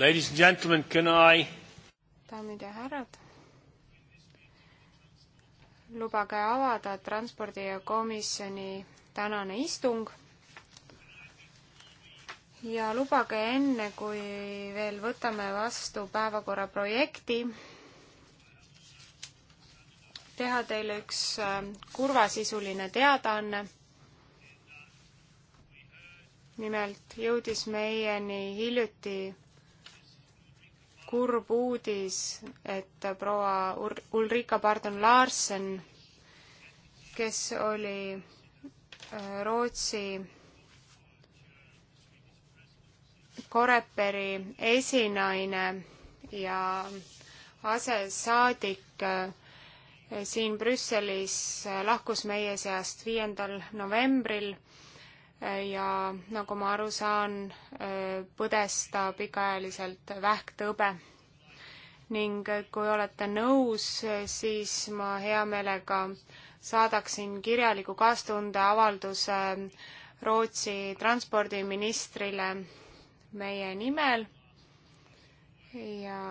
Ladies and gentlemen, can I? daamid ja härrad, lubage avada transpordikomisjoni tänane istung. ja lubage enne, kui veel võtame vastu päevakorra projekti, teha teile üks äh, kurvasisuline teadaanne nimelt jõudis meieni hiljuti kurb uudis, et proua Ulrika Pardon-Larsen, kes oli äh, Rootsi Koreperi esinaine ja asesaadik äh, siin Brüsselis äh, lahkus meie seast viiendal novembril ja nagu ma aru saan, äh, põdes ta pikaajaliselt vähktõbe. ning kui olete nõus, siis ma hea meelega saadaksin kirjaliku kaastundeavalduse Rootsi transpordiministrile meie nimel ja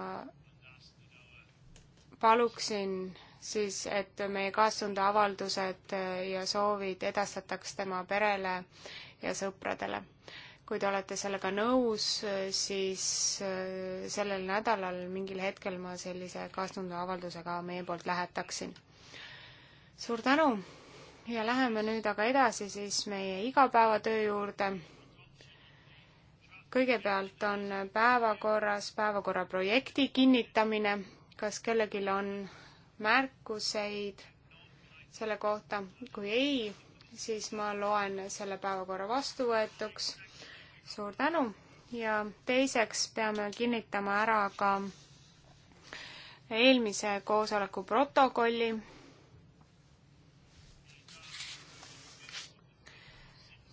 paluksin siis, et meie kaastunde avaldused äh, ja soovid edastataks tema perele ja sõpradele. kui te olete sellega nõus, äh, siis äh, sellel nädalal mingil hetkel ma sellise kaastunde avaldusega meie poolt lähetaksin. suur tänu ja läheme nüüd aga edasi siis meie igapäevatöö juurde kõigepealt on päevakorras päevakorra projekti kinnitamine. kas kellelgi on märkuseid selle kohta, kui ei, siis ma loen selle päevakorra vastuvõetuks. suur tänu ja teiseks peame kinnitama ära ka eelmise koosoleku protokolli.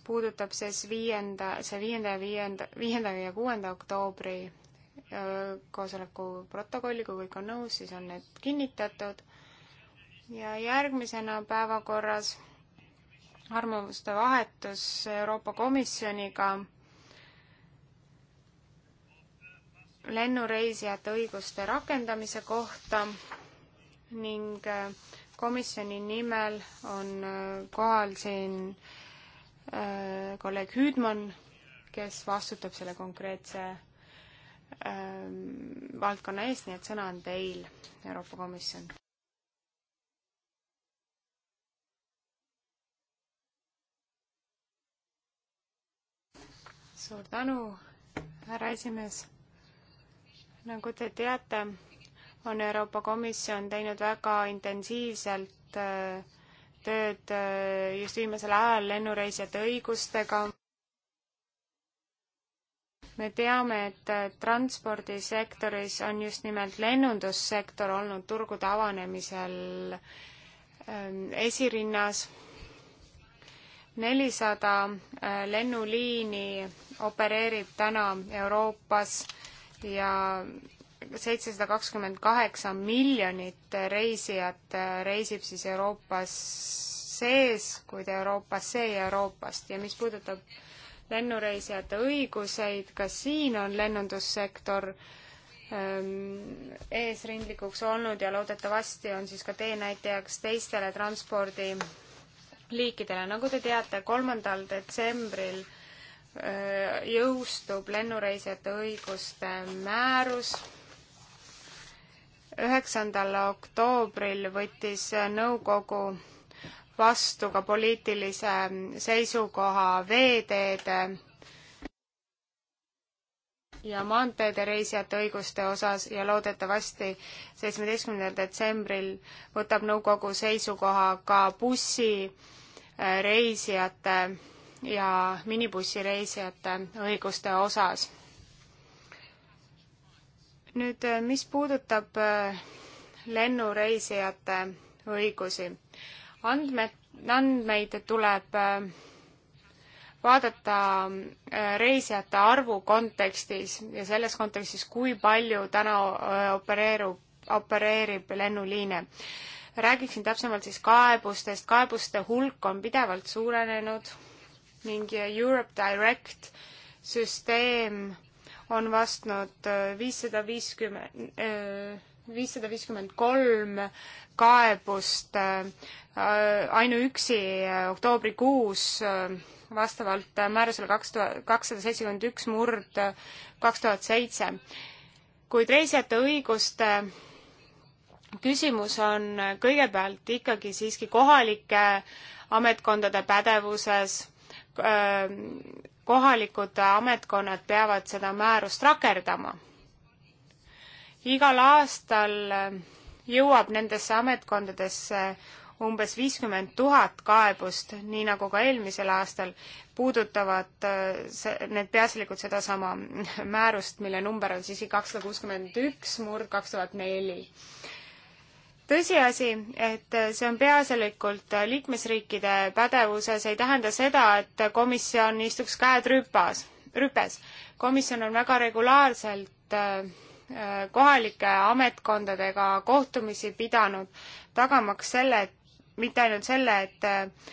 puudutab siis viienda, see viienda ja viienda, viienda ja kuuenda oktoobri koosoleku protokolli, kui kõik on nõus, siis on need kinnitatud. ja järgmisena päevakorras arvamuste vahetus Euroopa Komisjoniga lennureisijate õiguste rakendamise kohta ning komisjoni nimel on kohal siin äh, kolleeg Hüüdmann, kes vastutab selle konkreetse Ähm, valdkonna eest, nii et sõna on teil, Euroopa Komisjon. suur tänu, härra esimees. nagu te teate, on Euroopa Komisjon teinud väga intensiivselt äh, tööd äh, just viimasel ajal lennureisijate õigustega me teame, et äh, transpordisektoris on just nimelt lennundussektor olnud turgude avanemisel ähm, esirinnas. nelisada äh, lennuliini opereerib täna Euroopas ja seitsesada kakskümmend kaheksa miljonit reisijat äh, reisib siis Euroopas sees, kuid Euroopas see ja Euroopast ja mis puudutab lennureisijate õiguseid, ka siin on lennundussektor ähm, eesrindlikuks olnud ja loodetavasti on siis ka teenäitajaks teistele transpordiliikidele. nagu te teate, kolmandal detsembril äh, jõustub lennureisijate õiguste määrus. üheksandal oktoobril võttis nõukogu vastu ka poliitilise seisukoha veeteede ja maanteede reisijate õiguste osas ja loodetavasti seitsmeteistkümnendal detsembril võtab nõukogu seisukoha ka bussireisijate äh, ja minibussireisijate õiguste osas. nüüd, äh, mis puudutab äh, lennureisijate õigusi andmed, andmeid tuleb äh, vaadata äh, reisijate arvu kontekstis ja selles kontekstis, kui palju täna äh, opereerub, opereerib lennuliine. räägiksin täpsemalt siis kaebustest, kaebuste hulk on pidevalt suurenenud ning Europe Direct süsteem on vastnud viissada viiskümmend viissada viiskümmend kolm kaebust äh, ainuüksi äh, oktoobrikuus äh, vastavalt määrusele kaks tuhat, kakssada seitsekümmend üks murd kaks tuhat seitse. kuid reisijate õiguste küsimus on kõigepealt ikkagi siiski kohalike ametkondade pädevuses, kohalikud ametkonnad peavad seda määrust rakendama igal aastal äh, jõuab nendesse ametkondadesse umbes viiskümmend tuhat kaebust, nii nagu ka eelmisel aastal, puudutavad äh, see, need peaasjalikult sedasama määrust, mille number on siis kakssada kuuskümmend üks murd kaks tuhat neli. tõsiasi, et see on peaasjalikult liikmesriikide pädevuses, ei tähenda seda, et komisjon istuks käed rüpas, rüpes. komisjon on väga regulaarselt äh, Äh, kohalike ametkondadega kohtumisi pidanud, tagamaks selle, et mitte ainult selle, et äh,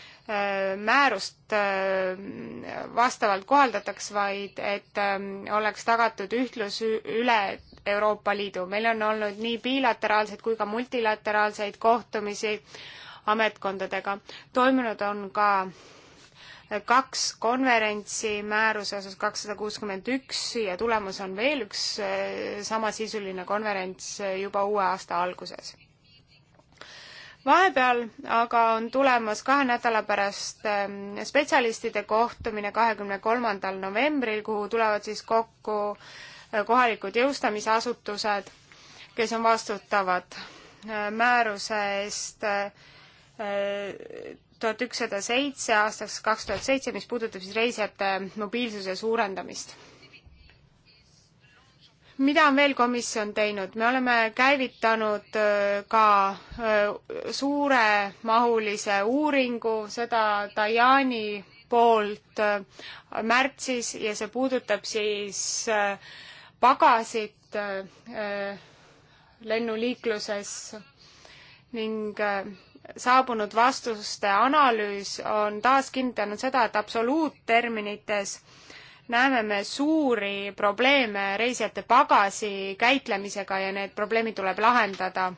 määrust äh, vastavalt kohaldataks, vaid et ähm, oleks tagatud ühtlus üle Euroopa Liidu. meil on olnud nii bilateraalseid kui ka multilateraalseid kohtumisi ametkondadega. toimunud on ka kaks konverentsi määruse osas kakssada kuuskümmend üks ja tulemus on veel üks eh, samasisuline konverents eh, juba uue aasta alguses vahepeal aga on tulemas kahe nädala pärast eh, spetsialistide kohtumine kahekümne kolmandal novembril, kuhu tulevad siis kokku kohalikud jõustamisasutused, kes on vastutavad määruse eest tuhat ükssada seitse aastaks kaks tuhat seitse, mis puudutab siis reisijate mobiilsuse suurendamist. mida on veel komisjon teinud, me oleme käivitanud äh, ka äh, suuremahulise uuringu, seda Dajani poolt äh, märtsis ja see puudutab siis pagasit lennuliikluses ning saabunud vastuste analüüs on taas kinnitanud seda, et absoluutterminites näeme me suuri probleeme reisijate pagasi käitlemisega ja need probleemid tuleb lahendada.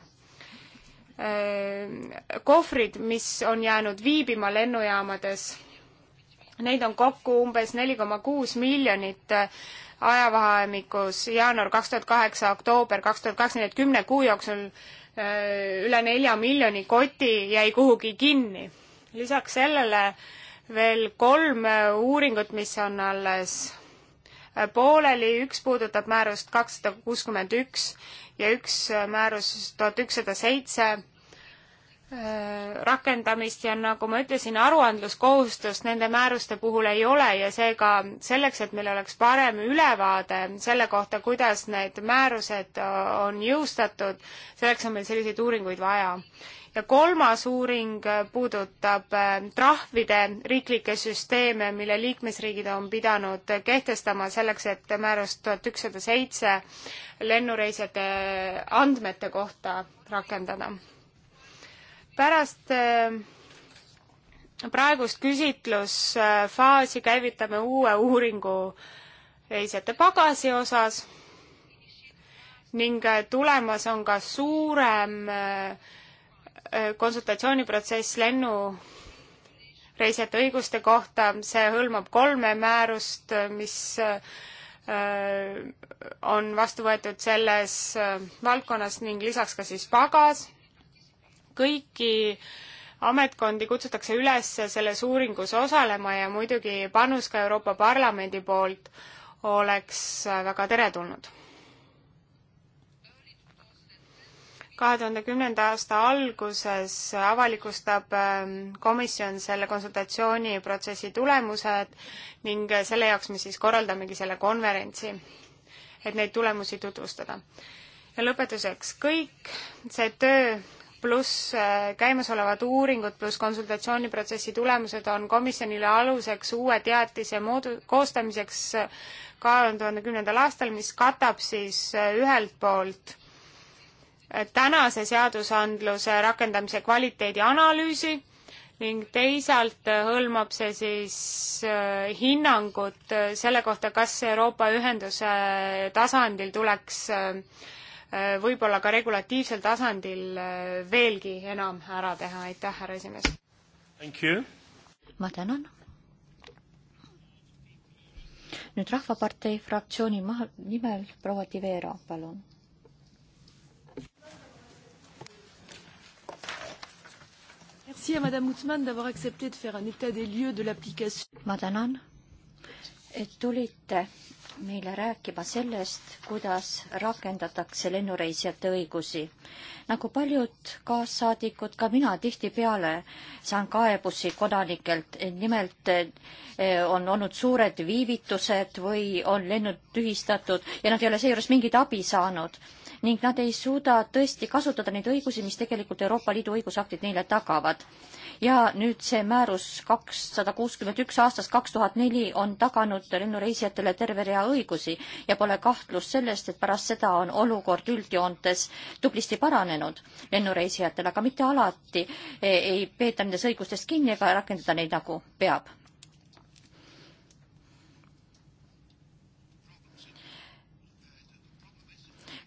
kohvrid, mis on jäänud viibima lennujaamades, neid on kokku umbes neli koma kuus miljonit ajavahemikus jaanuar kaks tuhat kaheksa, oktoober kaks tuhat kaheksa, nii et kümne kuu jooksul Äh, üle nelja miljoni koti jäi kuhugi kinni. lisaks sellele veel kolm äh, uuringut, mis on alles äh, pooleli, üks puudutab määrust kakssada kuuskümmend üks ja üks määrus tuhat ükssada seitse Äh, rakendamist ja nagu ma ütlesin, aruandluskohustust nende määruste puhul ei ole ja seega selleks, et meil oleks parem ülevaade selle kohta, kuidas need määrused äh, on jõustatud, selleks on meil selliseid uuringuid vaja. ja kolmas uuring äh, puudutab trahvide riiklikke süsteeme, mille liikmesriigid on pidanud kehtestama selleks, et määrust tuhat ükssada seitse lennureisijate andmete kohta rakendada pärast äh, praegust küsitlusfaasi käivitame uue uuringu reisijate pagasi osas ning äh, tulemas on ka suurem äh, konsultatsiooniprotsess lennureisijate õiguste kohta, see hõlmab kolme määrust, mis on vastu võetud selles valdkonnas ning lisaks ka siis pagas kõiki ametkondi kutsutakse üles selles uuringus osalema ja muidugi panus ka Euroopa Parlamendi poolt oleks väga teretulnud. kahe tuhande kümnenda aasta alguses avalikustab ähm, komisjon selle konsultatsiooniprotsessi tulemused ning selle jaoks me siis korraldamegi selle konverentsi, et neid tulemusi tutvustada. ja lõpetuseks, kõik see töö pluss äh, käimasolevad uuringud pluss konsultatsiooniprotsessi tulemused on komisjonile aluseks uue teatise moodu-, koostamiseks äh, kahe tuhande kümnendal aastal, mis katab siis äh, ühelt poolt tänase seadusandluse rakendamise kvaliteedi analüüsi ning teisalt hõlmab see siis hinnangut selle kohta, kas Euroopa ühenduse tasandil tuleks Äh, võib-olla ka regulatiivsel tasandil äh, veelgi enam ära teha, aitäh, härra esimees! ma tänan! nüüd Rahvapartei fraktsiooni maha, nimel proua Tivera, palun Merci à Madame Outman d'avoir accepté de faire un état des lieux de l'application. Ma tänan, et tulite meile rääkima sellest, kuidas rakendatakse lennureisijate õigusi. nagu paljud kaassaadikud, ka mina tihtipeale saan kaebusi kodanikelt, nimelt eh, on olnud suured viivitused või on lennud tühistatud ja nad ei ole seejuures mingit abi saanud ning nad ei suuda tõesti kasutada neid õigusi, mis tegelikult Euroopa Liidu õigusaktid neile tagavad ja nüüd see määrus kakssada kuuskümmend üks aastast kaks tuhat neli on taganud lennureisijatele terve rea õigusi ja pole kahtlust sellest, et pärast seda on olukord üldjoontes tublisti paranenud lennureisijatel, aga mitte alati e, ei peeta nendest õigustest kinni ega rakendada neid nagu peab.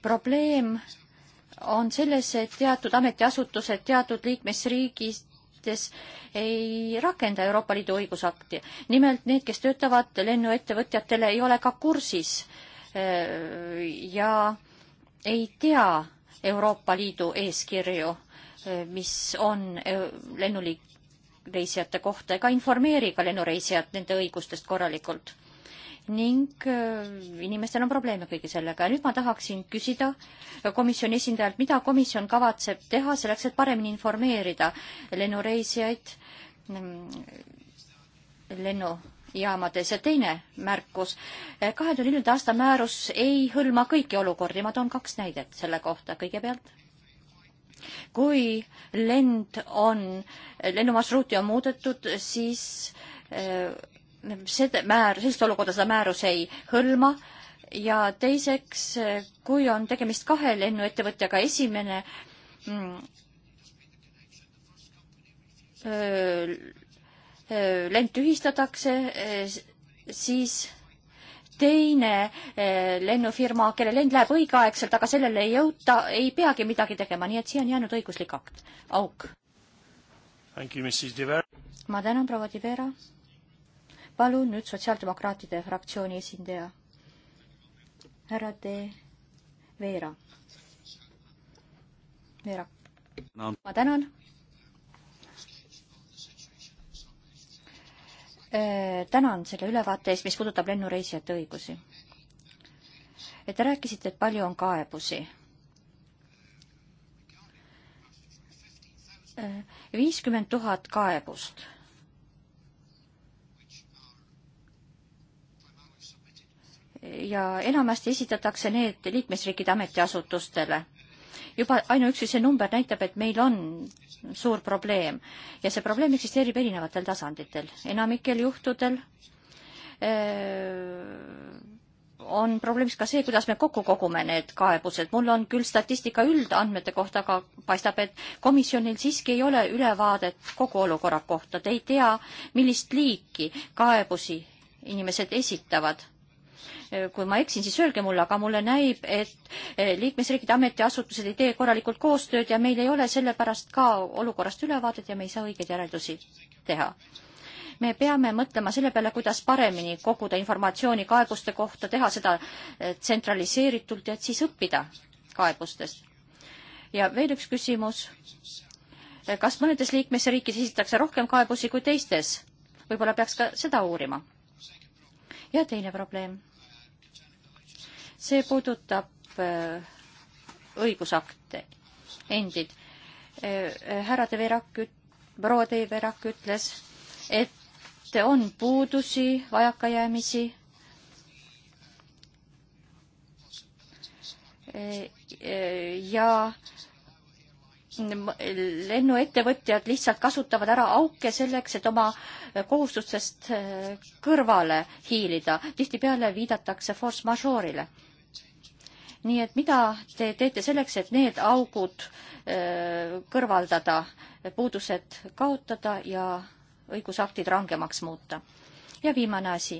probleem on selles, et teatud ametiasutused teatud liikmesriigis suhtes ei rakenda Euroopa Liidu õigusakti. nimelt need, kes töötavad lennuettevõtjatele, ei ole ka kursis äh, ja ei tea Euroopa Liidu eeskirju, äh, mis on äh, lennuliik-, reisijate kohta ega informeeri ka lennureisijat nende õigustest korralikult ning äh, inimestel on probleeme kõige sellega. nüüd ma tahaksin küsida komisjoni esindajalt, mida komisjon kavatseb teha selleks, et paremini informeerida lennureisijaid mm, lennujaamades ja teine märkus, kahe tuhande neljanda aasta määrus ei hõlma kõiki olukordi, ma toon kaks näidet selle kohta kõigepealt kui lend on, lennumarsruuti on muudetud, siis äh, seda määr, sellist olukorda seda määrus ei hõlma ja teiseks, kui on tegemist kahe lennuettevõtjaga, esimene mm, lend tühistatakse, siis teine lennufirma, kelle lend läheb õigeaegselt, aga sellele ei jõuta, ei peagi midagi tegema, nii et siia on jäänud õiguslik akt, auk. ma tänan, proua Divera palun nüüd Sotsiaaldemokraatide fraktsiooni esindaja härra De Veera. Veera no.. ma tänan. Äh, tänan selle ülevaate eest, mis puudutab lennureisijate õigusi. et te rääkisite, et palju on kaebusi äh, viiskümmend tuhat kaebust ja enamasti esitatakse need liikmesriikide ametiasutustele. juba ainuüksi see number näitab, et meil on suur probleem ja see probleem eksisteerib erinevatel tasanditel. enamikel juhtudel öö, on probleemiks ka see, kuidas me kokku kogume need kaebused. mul on küll statistika üldandmete kohta, aga paistab, et komisjonil siiski ei ole ülevaadet kogu olukorra kohta. Te ei tea, millist liiki kaebusi inimesed esitavad Eh, kui ma eksin, siis öelge mulle, aga mulle näib, et eh, liikmesriikide ametiasutused ei tee korralikult koostööd ja meil ei ole sellepärast ka olukorrast ülevaadet ja me ei saa õigeid järeldusi teha me peame mõtlema selle peale, kuidas paremini koguda informatsiooni kaebuste kohta, teha seda eh, tsentraliseeritult ja et siis õppida kaebustest. ja veel üks küsimus. kas mõnedes liikmesriikides esitatakse rohkem kaebusi kui teistes? võib-olla peaks ka seda uurima. ja teine probleem see puudutab äh, õigusakte endid. Äh, äh, härra De Verac, proua De Verac ütles, et on puudusi, vajakajäämisi ja lennuettevõtjad lihtsalt kasutavad ära auke selleks, et oma kohustustest kõrvale hiilida. tihtipeale viidatakse force majeure'ile nii et mida te teete selleks, et need augud öö, äh, kõrvaldada, puudused kaotada ja õigusaktid rangemaks muuta? ja viimane asi.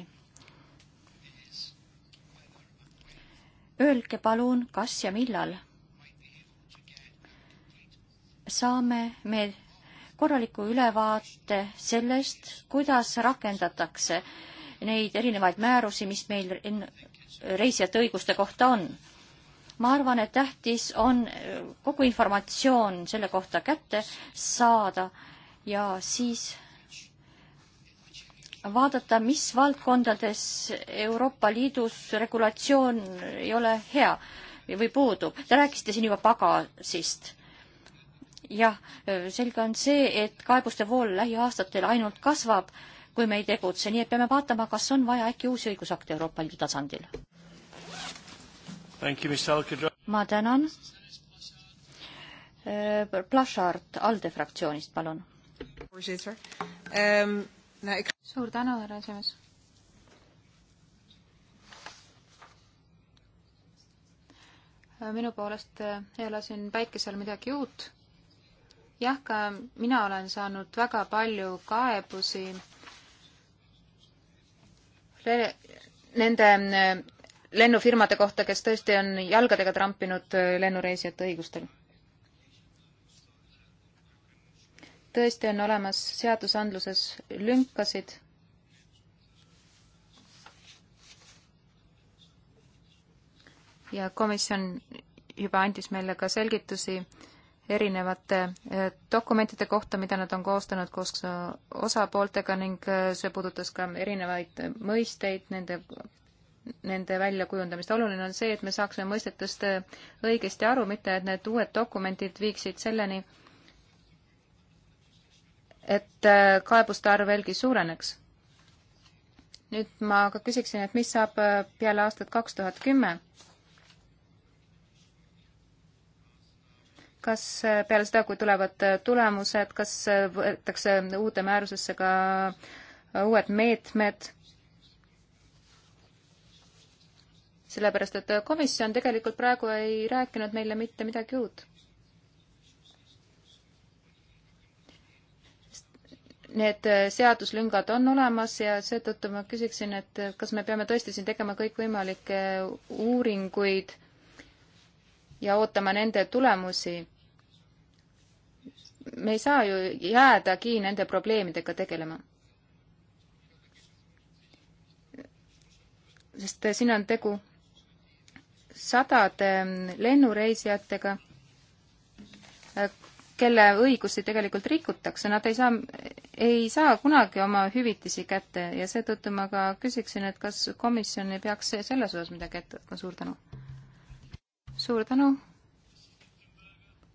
Öelge palun, kas ja millal saame me korraliku ülevaate sellest, kuidas rakendatakse neid erinevaid määrusi, mis meil reisijate õiguste kohta on ma arvan, et tähtis on äh, kogu informatsioon selle kohta kätte saada ja siis vaadata, mis valdkondades Euroopa Liidus regulatsioon ei ole hea või puudub. Te rääkisite siin juba pagasist. jah, äh, selge on see, et kaebuste vool lähiaastatel ainult kasvab, kui me ei tegutse, nii et peame vaatama, kas on vaja äkki uusi õigusakte Euroopa Liidu tasandil ma tänan. Äh, Plašart ALDE fraktsioonist, palun. Ähm, suur tänu, härra esimees. Äh, minu poolest äh, ei ole siin päikesel midagi uut. jah, ka mina olen saanud väga palju kaebusi nende lennufirmade kohta, kes tõesti on jalgadega trampinud äh, lennureisijate õigustel. tõesti on olemas seadusandluses lünkasid ja komisjon juba andis meile ka selgitusi erinevate äh, dokumentide kohta, mida nad on koostanud koos osapooltega ning äh, see puudutas ka erinevaid mõisteid, nende nende väljakujundamist. oluline on see, et me saaksime mõistetest õigesti aru, mitte et need uued dokumendid viiksid selleni, et äh, kaebuste arv veelgi suureneks. nüüd ma ka küsiksin, et mis saab äh, peale aastat kaks tuhat kümme? kas äh, peale seda, kui tulevad tulemused, kas võetakse uude määrusesse ka uued meetmed sellepärast et komisjon tegelikult praegu ei rääkinud meile mitte midagi uut. Need seaduslüngad on olemas ja seetõttu ma küsiksin, et kas me peame tõesti siin tegema kõikvõimalikke uuringuid ja ootama nende tulemusi. me ei saa ju jäädagi nende probleemidega tegelema sest siin on tegu sadade lennureisijatega, kelle õigusi tegelikult rikutakse, nad ei saa, ei saa kunagi oma hüvitisi kätte ja seetõttu ma ka küsiksin, et kas komisjon ei peaks selles osas midagi ette võtma, suur tänu. suur tänu,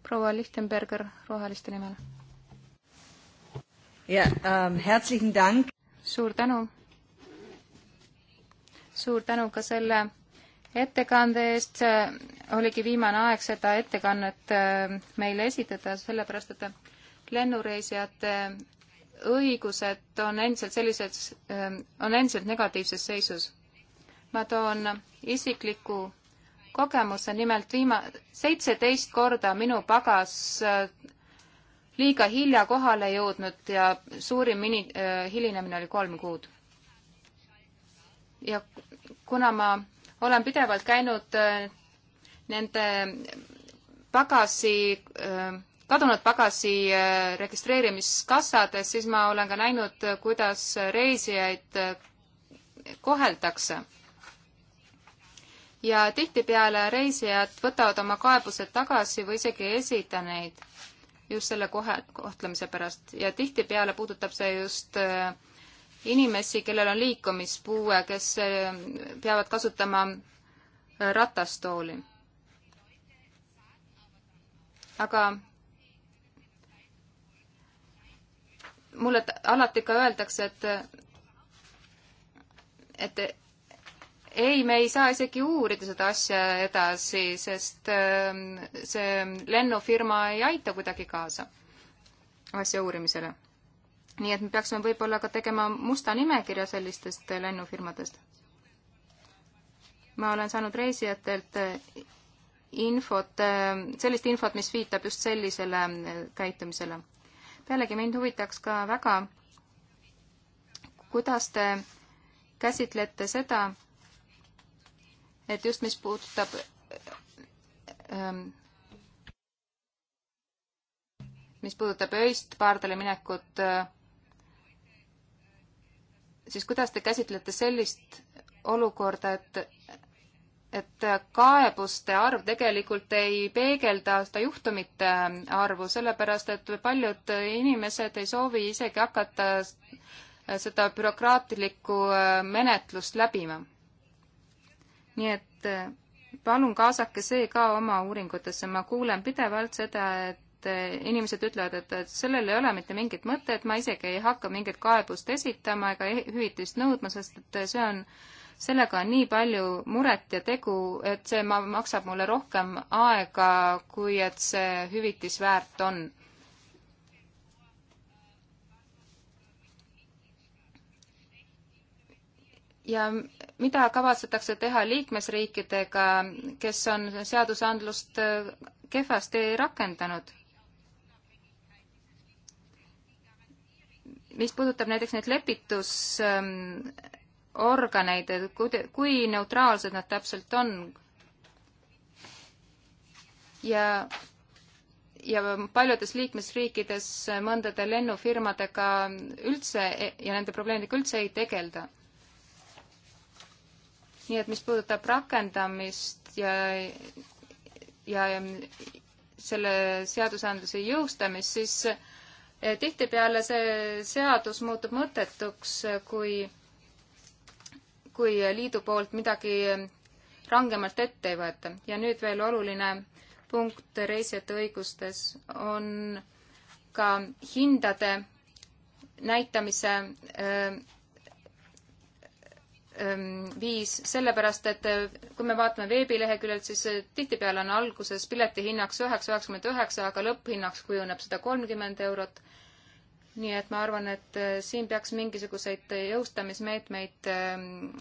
proua Lichtenberger Roheliste nimel. ja ähm, herzlichen Dank. suur tänu. suur tänu ka selle ettekande eest, oligi viimane aeg seda ettekannet äh, meile esitada, sellepärast et lennureisijate õigused on endiselt sellised, äh, on endiselt negatiivses seisus. ma toon isikliku kogemuse, nimelt viima-, seitseteist korda minu pagas äh, liiga hilja kohale jõudnud ja suurim mini-, hilinemine oli kolm kuud. ja kuna ma olen pidevalt käinud äh, nende pagasi, äh, kadunud pagasi äh, registreerimiskassades, siis ma olen ka näinud, kuidas reisijaid koheldakse. ja tihtipeale reisijad võtavad oma kaebused tagasi või isegi ei esita neid just selle kohe, kohtlemise pärast ja tihtipeale puudutab see just äh, inimesi, kellel on liikumispuue, kes eh, peavad kasutama eh, ratastooli. aga mulle alati ka öeldakse, et, et ei, me ei saa isegi uurida seda asja edasi, sest eh, see lennufirma ei aita kuidagi kaasa asja uurimisele nii et me peaksime võib-olla ka tegema musta nimekirja sellistest lennufirmadest. ma olen saanud reisijatelt infot, sellist infot, mis viitab just sellisele käitumisele. pealegi mind huvitaks ka väga, kuidas te käsitlete seda, et just mis puudutab ähm, mis puudutab öist pardale minekut äh, siis kuidas te käsitlete sellist olukorda, et, et kaebuste arv tegelikult ei peegelda seda juhtumite arvu, sellepärast et paljud inimesed ei soovi isegi hakata seda bürokraatlikku äh, menetlust läbima. nii et äh, palun kaasake see ka oma uuringutesse, ma kuulen pidevalt seda, et et eh, inimesed ütlevad, et, et sellel ei ole mitte mingit mõtet, ma isegi ei hakka mingit kaebust esitama ega hüvitist nõudma, sest et see on, sellega on nii palju muret ja tegu, et see ma, maksab mulle rohkem aega, kui et see hüvitis väärt on. ja mida kavatsetakse teha liikmesriikidega, kes on seadusandlust eh, kehvasti rakendanud? mis puudutab näiteks neid lepitusorganeid, ähm, et kui neutraalsed nad täpselt on ja, ja paljudes liikmesriikides mõndade lennufirmadega üldse e-, ja nende probleemidega üldse ei tegelda. nii et mis puudutab rakendamist ja, ja, ja selle seadusandluse jõustamist, siis tihtipeale see seadus muutub mõttetuks, kui, kui liidu poolt midagi rangemalt ette ei võeta. ja nüüd veel oluline punkt reisijate õigustes on ka hindade näitamise äh, Ähm, viis, sellepärast et äh, kui me vaatame veebileheküljelt, siis äh, tihtipeale on alguses pileti hinnaks üheksa, üheksakümmend üheksa, aga lõpphinnaks kujuneb sada kolmkümmend eurot. nii et ma arvan, et äh, siin peaks mingisuguseid jõustamismeetmeid ähm,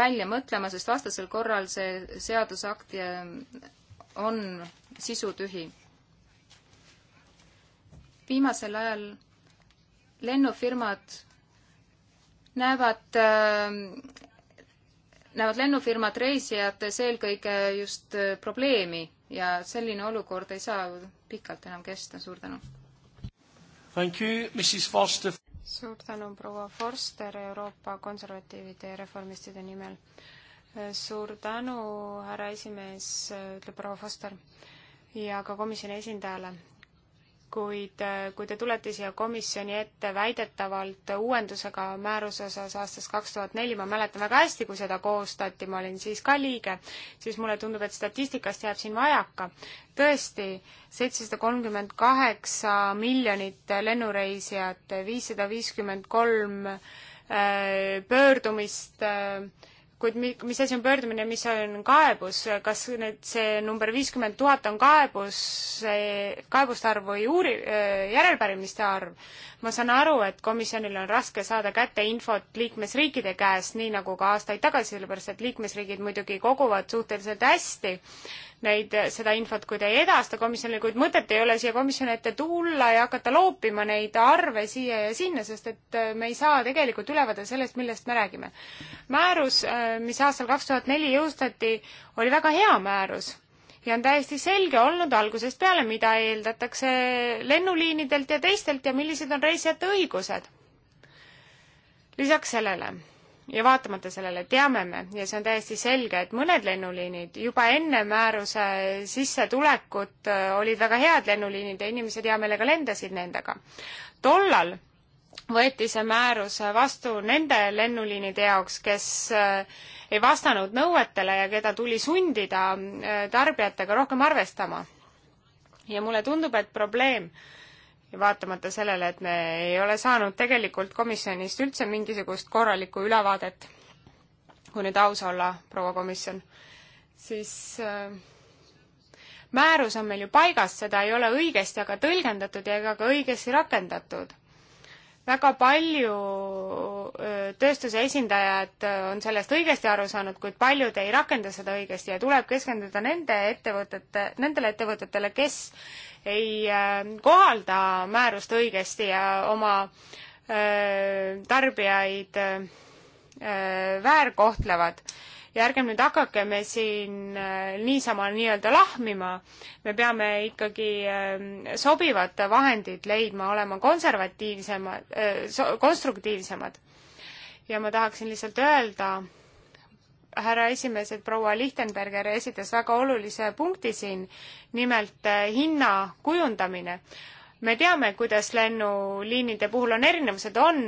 välja mõtlema, sest vastasel korral see seadusakt on sisutühi. viimasel ajal lennufirmad näevad, äh, näevad lennufirmad reisijates eelkõige just äh, probleemi ja selline olukord ei saa pikalt enam kesta, suur tänu. suur tänu, proua Forster Euroopa Konservatiivide ja Reformistide nimel. Äh, suur tänu, härra esimees, ütleb proua Forster ja ka komisjoni esindajale kuid äh, kui te tulete siia komisjoni ette väidetavalt uuendusega määruse osas aastast kaks tuhat neli, ma mäletan väga hästi, kui seda koostati, ma olin siis ka liige, siis mulle tundub, et statistikast jääb siin vajaka. tõesti, seitsesada kolmkümmend kaheksa miljonit lennureisijat, viissada viiskümmend kolm äh, pöördumist äh, kuid mi-, mis asi on pöördumine, mis on kaebus, kas nüüd see number viiskümmend tuhat on kaebus, kaebuste arv või uuri-, äh, järelpärimiste arv? ma saan aru, et komisjonil on raske saada kätte infot liikmesriikide käest, nii nagu ka aastaid tagasi, sellepärast et liikmesriigid muidugi koguvad suhteliselt hästi neid, seda infot, kui te ei edasta komisjonile, kuid mõtet ei ole siia komisjoni ette tulla ja hakata loopima neid arve siia ja sinna, sest et äh, me ei saa tegelikult ülevaade sellest, millest me räägime. määrus, äh, mis aastal kaks tuhat neli jõustati, oli väga hea määrus ja on täiesti selge olnud algusest peale, mida eeldatakse lennuliinidelt ja teistelt ja millised on reisijate õigused. lisaks sellele ja vaatamata sellele teame me ja see on täiesti selge, et mõned lennuliinid juba enne määruse sissetulekut äh, olid väga head lennuliinid ja inimesed hea meelega lendasid nendega. tollal võeti see määrus vastu nende lennuliinide jaoks, kes äh, ei vastanud nõuetele ja keda tuli sundida äh, tarbijatega rohkem arvestama. ja mulle tundub, et probleem äh, ja vaatamata sellele, et me ei ole saanud tegelikult komisjonist üldse mingisugust korralikku ülevaadet, kui nüüd aus olla, proua komisjon, siis äh, määrus on meil ju paigas, seda ei ole õigesti aga tõlgendatud ja ega ka õigesti rakendatud väga palju tööstuse esindajad on sellest õigesti aru saanud, kuid paljud ei rakenda seda õigesti ja tuleb keskenduda nende ettevõtete, nendele ettevõtetele, kes ei kohalda määrust õigesti ja oma tarbijaid väärkohtlevad ja ärgem nüüd hakake me siin äh, niisama nii-öelda lahmima, me peame ikkagi äh, sobivad vahendid leidma, olema konservatiivsemad, äh, konstruktiivsemad. ja ma tahaksin lihtsalt öelda, härra esimees, et proua Lichtenberger esitas väga olulise punkti siin, nimelt hinna kujundamine. me teame, kuidas lennuliinide puhul on erinevused, on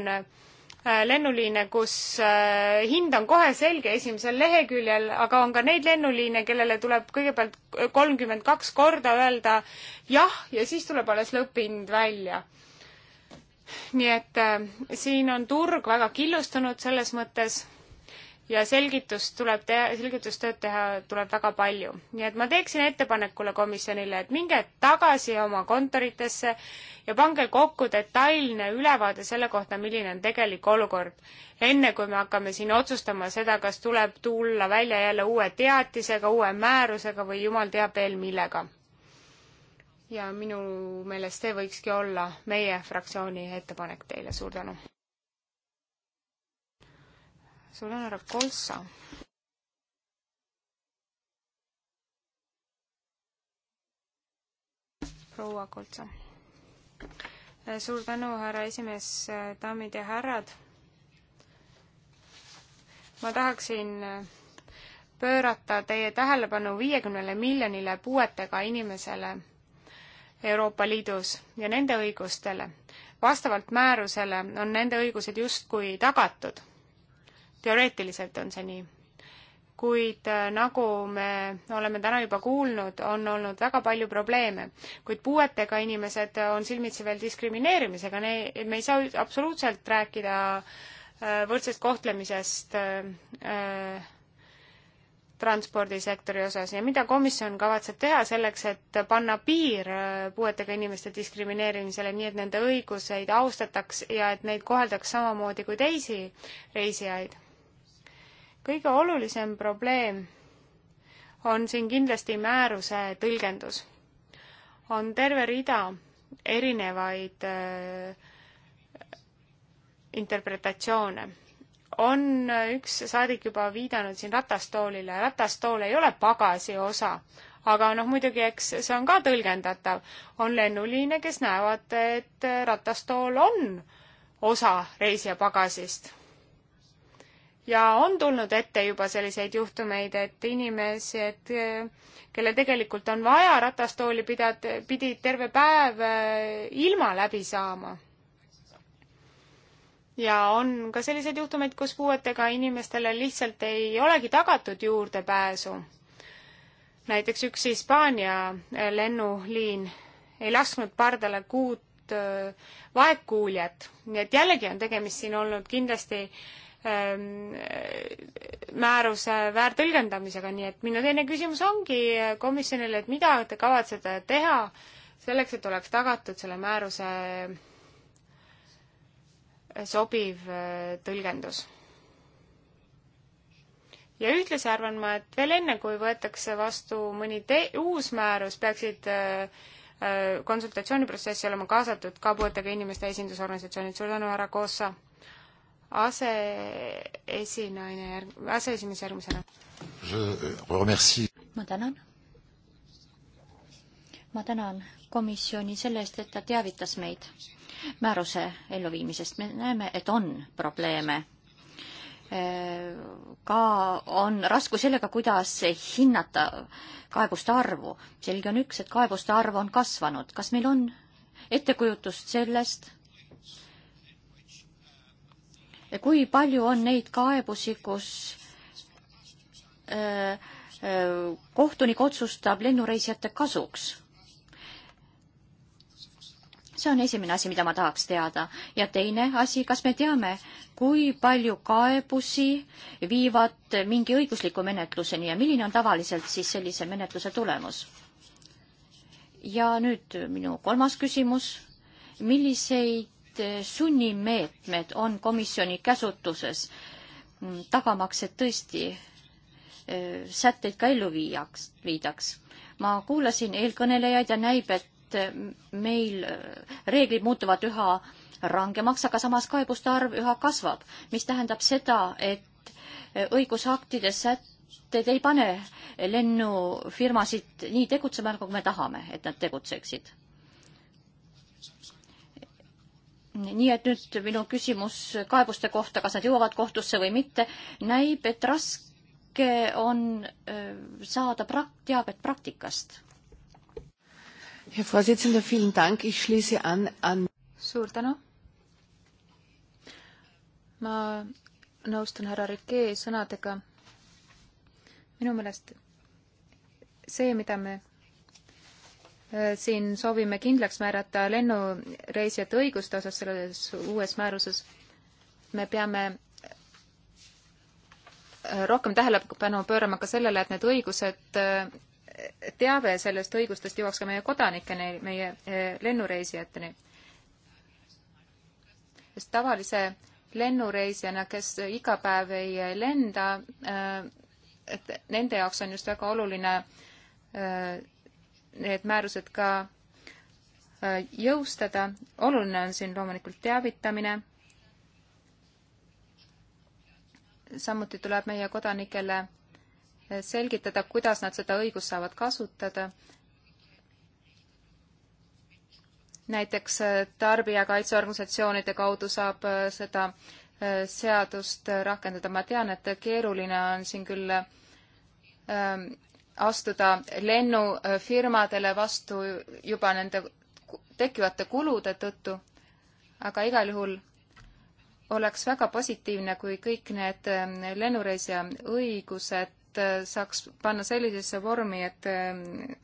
Äh, lennuliine, kus äh, hind on kohe selge esimesel leheküljel, aga on ka neid lennuliine, kellele tuleb kõigepealt kolmkümmend kaks korda öelda jah ja siis tuleb alles lõpphind välja. nii et äh, siin on turg väga killustunud selles mõttes ja selgitust tuleb teha, selgitustööd teha tuleb väga palju. nii et ma teeksin ettepanekule komisjonile, et minge tagasi oma kontoritesse ja pange kokku detailne ülevaade selle kohta, milline on tegelik olukord. enne kui me hakkame siin otsustama seda, kas tuleb tulla välja jälle uue teatisega, uue määrusega või jumal teab veel millega. ja minu meelest see võikski olla meie fraktsiooni ettepanek teile, suur tänu! suur tänu, härra Kolsa. proua Koltsa. Äh, suur tänu, härra esimees, äh, daamid ja härrad. ma tahaksin äh, pöörata teie tähelepanu viiekümnele miljonile puuetega inimesele Euroopa Liidus ja nende õigustele. vastavalt määrusele on nende õigused justkui tagatud teoreetiliselt on see nii. kuid äh, nagu me oleme täna juba kuulnud, on olnud väga palju probleeme, kuid puuetega inimesed on silmitsi veel diskrimineerimisega, me ei saa absoluutselt rääkida äh, võrdsest kohtlemisest äh, äh, transpordisektori osas ja mida komisjon kavatseb teha selleks, et panna piir puuetega inimeste diskrimineerimisele, nii et nende õiguseid austataks ja et neid koheldaks samamoodi kui teisi reisijaid? kõige olulisem probleem on siin kindlasti määruse tõlgendus. on terve rida erinevaid äh, interpretatsioone. on äh, üks saadik juba viidanud siin ratastoolile, ratastool ei ole pagasi osa, aga noh, muidugi eks see on ka tõlgendatav. on lennuliine, kes näevad, et äh, ratastool on osa reisija pagasist ja on tulnud ette juba selliseid juhtumeid, et inimesed, eh, kelle tegelikult on vaja ratastooli pidad, pidid terve päev eh, ilma läbi saama. ja on ka selliseid juhtumeid, kus puuetega inimestele lihtsalt ei olegi tagatud juurdepääsu. näiteks üks Hispaania eh, lennuliin ei lasknud pardale kuut vaegkuuljat, nii et jällegi on tegemist siin olnud kindlasti äh, Ähm, määruse väärtõlgendamisega, nii et minu teine küsimus ongi komisjonile, et mida te kavatsete teha selleks, et oleks tagatud selle määruse sobiv äh, tõlgendus. ja ühtlasi arvan ma, et veel enne, kui võetakse vastu mõni te-, uus määrus, peaksid äh, äh, konsultatsiooniprotsessi olema kaasatud ka puuetega inimeste esindusorganisatsioonid. suur tänu, härra Koossa! aseesinaine järg-, aseesimees järgmisena. ma tänan. ma tänan komisjoni selle eest, et ta teavitas meid määruse elluviimisest. me näeme, et on probleeme ka on raskus sellega, kuidas hinnata kaebuste arvu. selge on üks, et kaebuste arv on kasvanud. kas meil on ettekujutust sellest, kui palju on neid kaebusi, kus äh, äh, kohtunik otsustab lennureisijate kasuks? see on esimene asi, mida ma tahaks teada. ja teine asi, kas me teame, kui palju kaebusi viivad mingi õigusliku menetluseni ja milline on tavaliselt siis sellise menetluse tulemus? ja nüüd minu kolmas küsimus. milliseid millised eh, sunnimeetmed on komisjoni käsutuses, mm, tagamaks, et tõesti eh, sätteid ka ellu viiaks, viidaks. ma kuulasin eelkõnelejaid ja näib, et eh, meil reeglid muutuvad üha rangemaks, aga samas kaebuste arv üha kasvab, mis tähendab seda, et õigusaktide sätted ei pane lennufirmasid nii tegutsema, nagu me tahame, et nad tegutseksid nii et nüüd minu küsimus kaebuste kohta, kas nad jõuavad kohtusse või mitte, näib, et raske on äh, saada prak-, teavet praktikast. suur tänu. ma nõustun härra Rikee sõnadega. minu meelest see, mida me Äh, siin soovime kindlaks määrata lennureisijate õiguste osas selles uues määruses. me peame äh, rohkem tähelepanu pöörama ka sellele, et need õigused, äh, teave sellest õigustest jõuaks ka meie kodanikeni, meie lennureisijateni. sest tavalise lennureisijana, kes iga päev ei lenda, et nende jaoks on just väga oluline need määrused ka äh, jõustada. oluline on siin loomulikult teavitamine. samuti tuleb meie kodanikele äh, selgitada, kuidas nad seda õigust saavad kasutada. näiteks äh, tarbijakaitseorganisatsioonide kaudu saab seda seadust rakendada. ma tean, et keeruline on siin küll ähm, astuda lennufirmadele vastu juba nende tekivate kulude tõttu, aga igal juhul oleks väga positiivne, kui kõik need ähm, lennureisija õigused äh, saaks panna sellisesse vormi, et, ähm,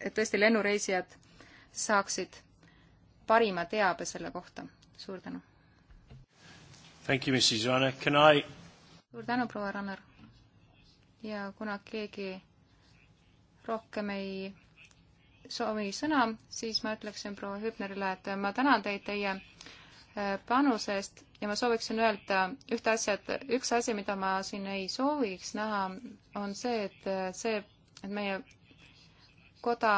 et tõesti lennureisijad saaksid parima teabe selle kohta. suur tänu! suur tänu, proua Rannar! ja kuna keegi rohkem ei soovi sõna, siis ma ütleksin proua Hübnerile, et ma tänan teid teie äh, panuse eest ja ma sooviksin öelda ühte asja, et üks asi, mida ma siin ei sooviks näha, on see, et äh, see, et meie koda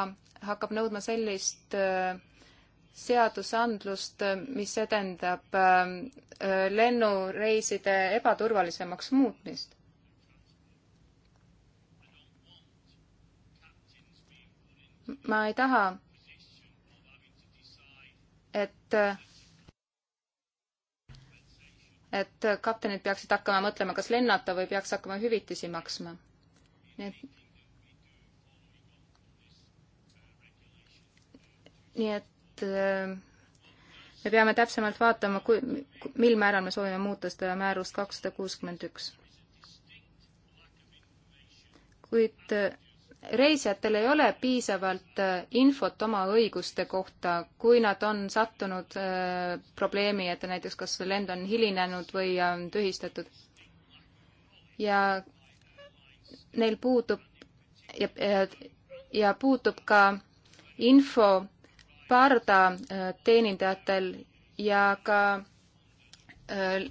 hakkab nõudma sellist äh, seadusandlust, mis edendab lennureiside ebaturvalisemaks muutmist. ma ei taha, et, et kaptenid peaksid hakkama mõtlema, kas lennata või peaks hakkama hüvitisi maksma. nii et, nii et äh, me peame täpsemalt vaatama, kui, mil määral me soovime muuta seda määrust kakssada kuuskümmend üks. kuid äh, reisijatel ei ole piisavalt äh, infot oma õiguste kohta, kui nad on sattunud äh, probleemi, et näiteks kas lend on hilinenud või on tühistatud. ja neil puudub ja, äh, ja, ja puudub ka info pardateenindajatel ja ka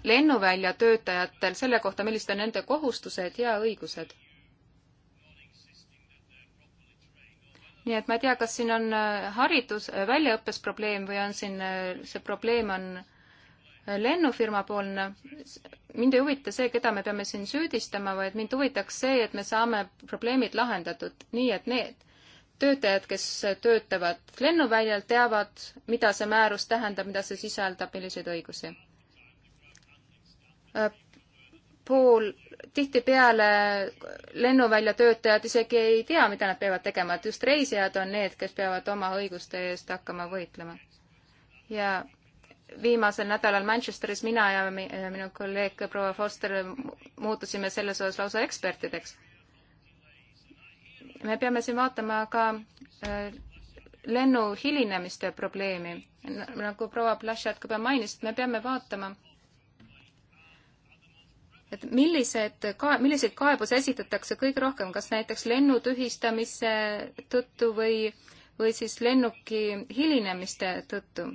lennuvälja töötajatel selle kohta, millised on nende kohustused ja õigused nii et ma ei tea, kas siin on äh, haridus, äh, väljaõppes probleem või on siin, äh, see probleem on lennufirma poolne. mind ei huvita see, keda me peame siin süüdistama, vaid mind huvitaks see, et me saame probleemid lahendatud nii, et need töötajad, kes töötavad lennuväljal, teavad, mida see määrus tähendab, mida see sisaldab, milliseid õigusi puhul tihtipeale lennuvälja töötajad isegi ei tea, mida nad peavad tegema, et just reisijad on need, kes peavad oma õiguste eest hakkama võitlema. ja viimasel nädalal Manchesteris mina ja minu kolleeg proua Foster muutusime selles osas lausa ekspertideks. me peame siin vaatama ka äh, lennu hilinemiste probleemi. nagu proua Plašat juba mainis, me peame vaatama et millised ka-, milliseid kaebusi esitatakse kõige rohkem, kas näiteks lennu tühistamise tõttu või, või siis lennuki hilinemiste tõttu?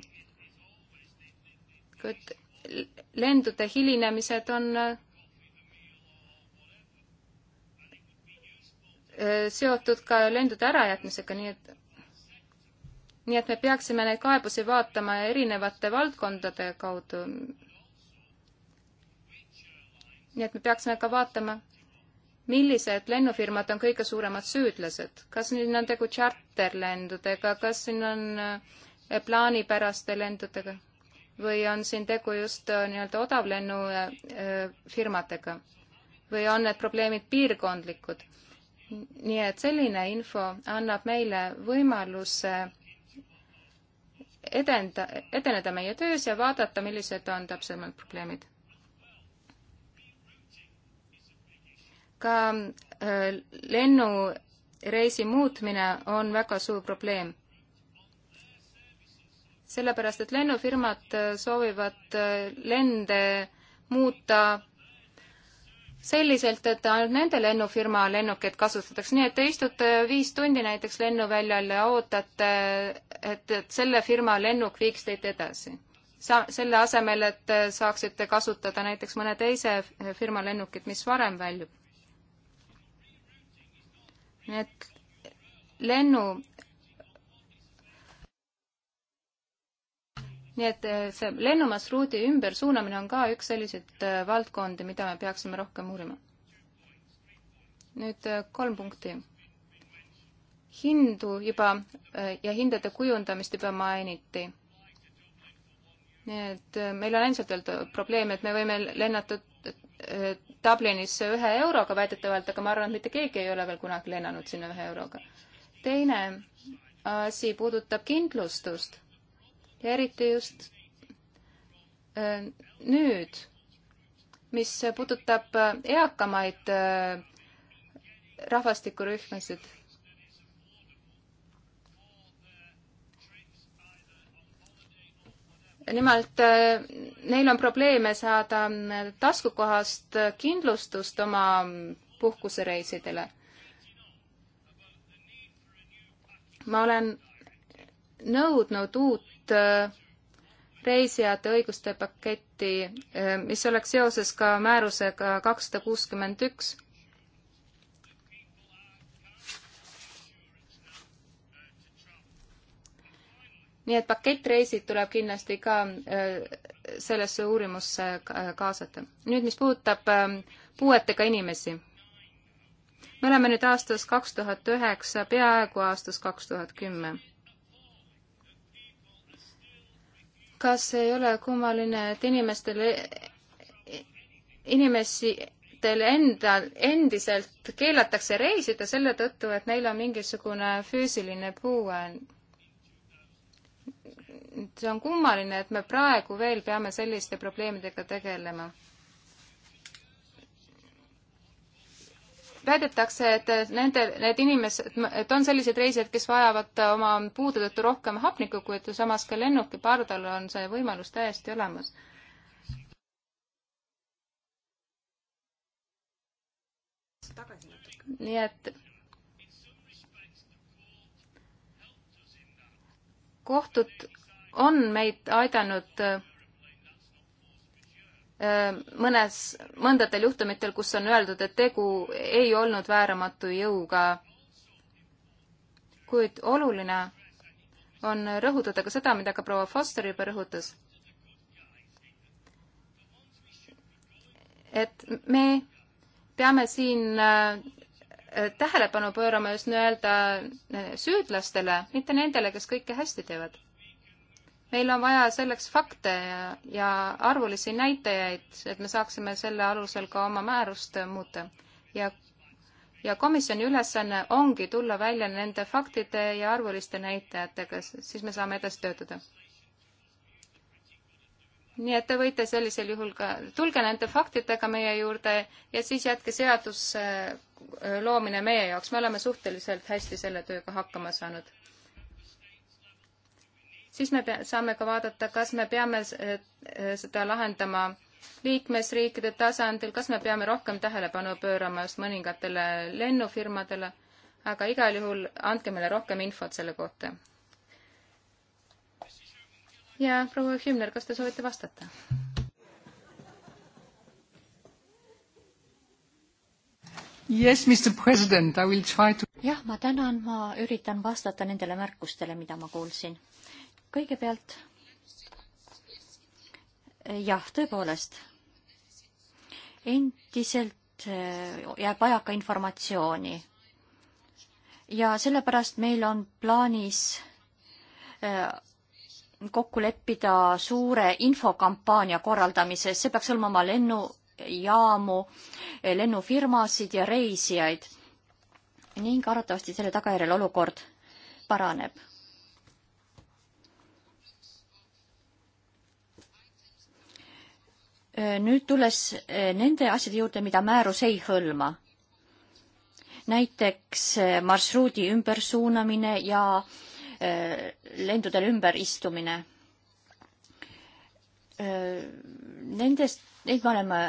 et lendude hilinemised on äh, seotud ka lendude ärajätmisega, nii et nii et me peaksime neid kaebusi vaatama erinevate valdkondade kaudu, nii et me peaksime ka vaatama, millised lennufirmad on kõige suuremad süüdlased, kas nüüd on tegu tšarterlendudega, kas siin on eh, plaanipäraste lendudega või on siin tegu just eh, nii-öelda odavlennufirmadega eh, või on need probleemid piirkondlikud. nii et selline info annab meile võimaluse edenda, edeneda meie töös ja vaadata, millised on täpsemad probleemid ka äh, lennureisi muutmine on väga suur probleem. sellepärast, et lennufirmad äh, soovivad äh, lende muuta selliselt, et ainult nende lennufirma lennukeid kasutatakse, nii et te istute viis tundi näiteks lennuväljal ja ootate, et, et selle firma lennuk viiks teid edasi. Sa-, selle asemel, et saaksite kasutada näiteks mõne teise firma lennukit, mis varem väljub. Need lennu nii et äh, see lennumarsruudi ümbersuunamine on ka üks selliseid äh, valdkondi, mida me peaksime rohkem uurima. nüüd äh, kolm punkti. hindu juba ja hindade kujundamist juba mainiti. nii et meil on endiselt veel probleem, et me võime lennata Dublinisse ühe euroga väidetavalt, aga ma arvan, et mitte keegi ei ole veel kunagi lennanud sinna ühe euroga. teine asi puudutab kindlustust ja eriti just äh, nüüd, mis puudutab äh, eakamaid äh, rahvastikurühmasid nimelt äh, neil on probleeme saada äh, taskukohast äh, kindlustust oma puhkusereisidele. ma olen nõudnud uut reisijate õiguste paketti, mis oleks seoses ka määrusega kakssada kuuskümmend üks nii et pakettreisid tuleb kindlasti ka äh, sellesse uurimusse äh, kaasata. nüüd, mis puudutab ähm, puuetega inimesi. me oleme nüüd aastas kaks tuhat üheksa, peaaegu aastas kaks tuhat kümme. kas ei ole kummaline, et inimestele, inimesi ettevõtetel enda, endiselt keelatakse reisida selle tõttu, et neil on mingisugune füüsiline puue see on kummaline, et me praegu veel peame selliste probleemidega tegelema. väidetakse, et nende, need inimesed, et on sellised reisijad, kes vajavad oma puude tõttu rohkem hapnikku, kuid samas ka lennuki pardal on see võimalus täiesti olemas tagasi natuke. nii et kohtud on meid aidanud äh, mõnes, mõndadel juhtumitel, kus on öeldud, et tegu ei olnud vääramatu jõuga. kuid oluline on rõhutada ka seda, mida ka proua Foster juba rõhutas. et me peame siin äh, tähelepanu pöörama just nii-öelda äh, süüdlastele, mitte nendele, kes kõike hästi teevad meil on vaja selleks fakte ja, ja arvulisi näitajaid, et me saaksime selle alusel ka oma määrust muuta. ja, ja komisjoni ülesanne ongi tulla välja nende faktide ja arvuliste näitajatega, siis me saame edasi töötada. nii et te võite sellisel juhul ka, tulge nende faktidega meie juurde ja siis jätke seaduse äh, loomine meie jaoks, me oleme suhteliselt hästi selle tööga hakkama saanud siis me saame ka vaadata, kas me peame eh, eh, seda lahendama liikmesriikide tasandil, kas me peame rohkem tähelepanu pöörama just mõningatele lennufirmadele, aga igal juhul andke meile rohkem infot selle kohta. ja proua Hümner, kas te soovite vastata? Yes, Mr President, I will try to jah, ma tänan, ma üritan vastata nendele märkustele, mida ma kuulsin kõigepealt jah, tõepoolest, endiselt eh, jääb vajaka informatsiooni ja sellepärast meil on plaanis eh, kokku leppida suure infokampaania korraldamises, see peaks hõlmama lennujaamu, eh, lennufirmasid ja reisijaid ning arvatavasti selle tagajärjel olukord paraneb. Äh, nüüd tulles äh, nende asjade juurde, mida määrus ei hõlma, näiteks äh, marsruudi ümbersuunamine ja lendudel ümberistumine. Nendest, neid me oleme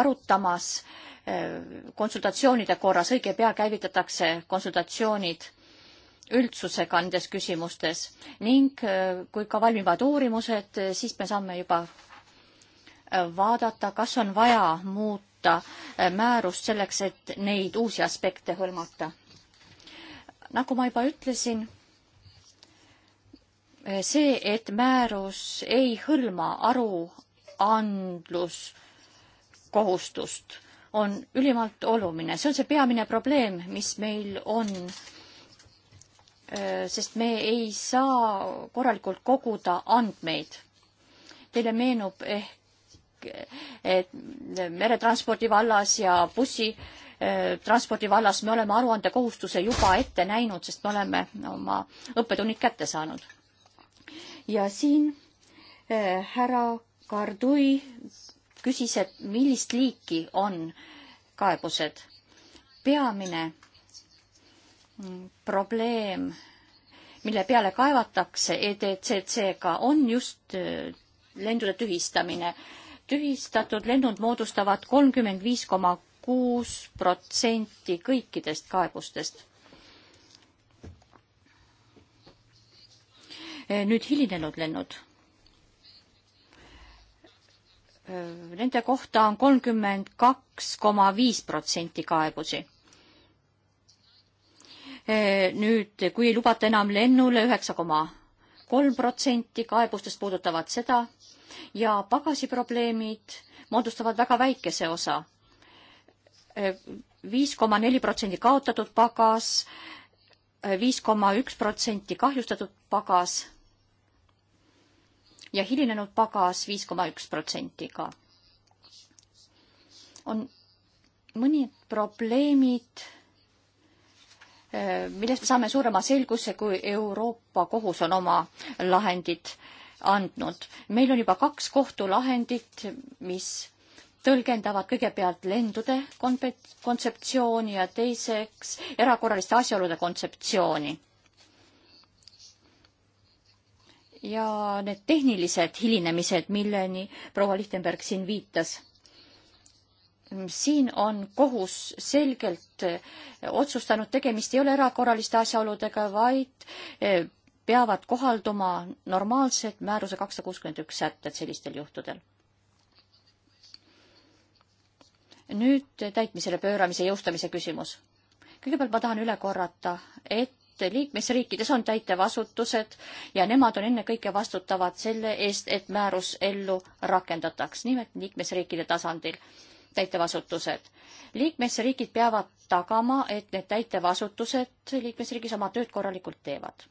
arutamas konsultatsioonide korras, õige pea käivitatakse konsultatsioonid üldsusega nendes küsimustes ning kui ka valmivad uurimused, siis me saame juba vaadata, kas on vaja muuta äh, määrust selleks, et neid uusi aspekte hõlmata. nagu ma juba ütlesin, äh, see, et määrus ei hõlma aruandluskohustust, on ülimalt oluline, see on see peamine probleem, mis meil on äh, sest me ei saa korralikult koguda andmeid. Teile meenub ehk, et meretranspordi vallas ja bussitranspordi eh, vallas me oleme aruandekohustuse juba ette näinud, sest me oleme oma õppetunnid kätte saanud. ja siin äh, härra Kardui küsis, et millist liiki on kaebused. peamine mm, probleem, mille peale kaevatakse EDCC-ga, on just eh, lendude tühistamine äh, tühistatud, lennud moodustavad kolmkümmend viis koma kuus protsenti kõikidest kaebustest. nüüd hilinenud lennud. Nende kohta on kolmkümmend kaks koma viis protsenti kaebusi nüüd, kui ei lubata enam lennule üheksa koma kolm protsenti kaebustest puudutavad seda, ja pagasiprobleemid moodustavad väga väikese osa. Äh, viis koma neli protsenti kaotatud pagas, äh, viis koma üks protsenti kahjustatud pagas ja hilinenud pagas viis koma üks protsentiga. on mõned probleemid, äh, millest me saame suurema selguse, kui Euroopa Kohus on oma lahendid andnud. meil on juba kaks kohtulahendit, mis tõlgendavad kõigepealt lendude kontseptsiooni ja teiseks erakorraliste asjaolude kontseptsiooni. ja need tehnilised hilinemised, milleni proua Lichtenberg siin viitas, siin on kohus selgelt otsustanud, tegemist ei ole erakorraliste asjaoludega, vaid eh, peavad kohalduma normaalsed määruse kakssada kuuskümmend üks sätted sellistel juhtudel. nüüd täitmisele pööramise jõustamise küsimus. kõigepealt ma tahan üle korrata, et liikmesriikides on täitevasutused ja nemad on ennekõike vastutavad selle eest, et määrus ellu rakendataks, nimelt liikmesriikide tasandil täitevasutused. liikmesriigid peavad tagama, et need täitevasutused liikmesriigis oma tööd korralikult teevad.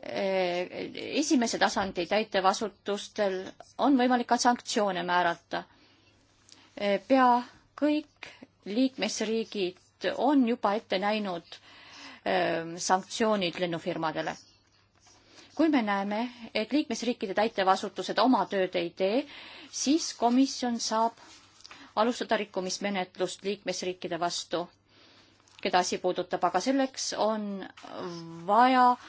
Eh, esimese tasandi täitevasutustel on võimalik ka sanktsioone määrata. Eh, pea kõik liikmesriigid on juba ette näinud eh, sanktsioonid lennufirmadele. kui me näeme, et liikmesriikide täitevasutused oma tööd ei tee, siis komisjon saab alustada rikkumismenetlust liikmesriikide vastu, keda asi puudutab, aga selleks on vaja äh,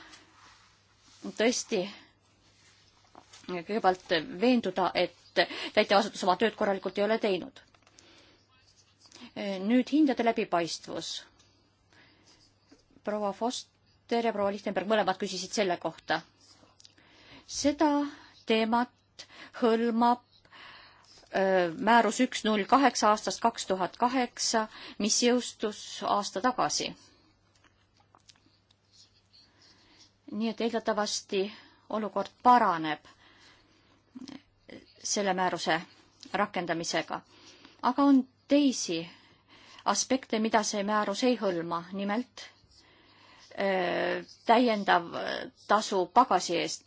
tõesti kõigepealt veenduda, et täiteasutus oma tööd korralikult ei ole teinud. nüüd hindade läbipaistvus. proua Foster ja proua Lichtenberg mõlemad küsisid selle kohta. seda teemat hõlmab määrus üks null kaheksa aastast kaks tuhat kaheksa, mis jõustus aasta tagasi nii et eeldatavasti olukord paraneb selle määruse rakendamisega. aga on teisi aspekte, mida see määrus ei hõlma, nimelt öö, täiendav tasu pagasi eest.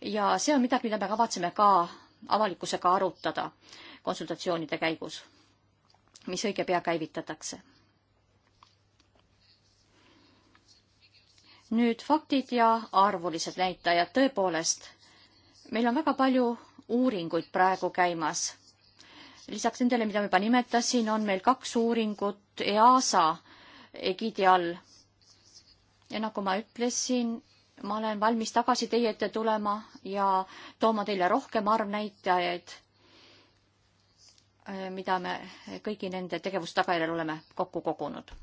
ja see on midagi, mida me kavatseme ka avalikkusega arutada konsultatsioonide käigus, mis õige pea käivitatakse nüüd faktid ja arvulised näitajad, tõepoolest, meil on väga palju uuringuid praegu käimas. lisaks nendele, mida ma juba nimetasin, on meil kaks uuringut EASA egiidi all. ja nagu ma ütlesin, ma olen valmis tagasi teie ette tulema ja tooma teile rohkem arvnäitajaid, äh, mida me kõigi nende tegevuste tagajärjel oleme kokku kogunud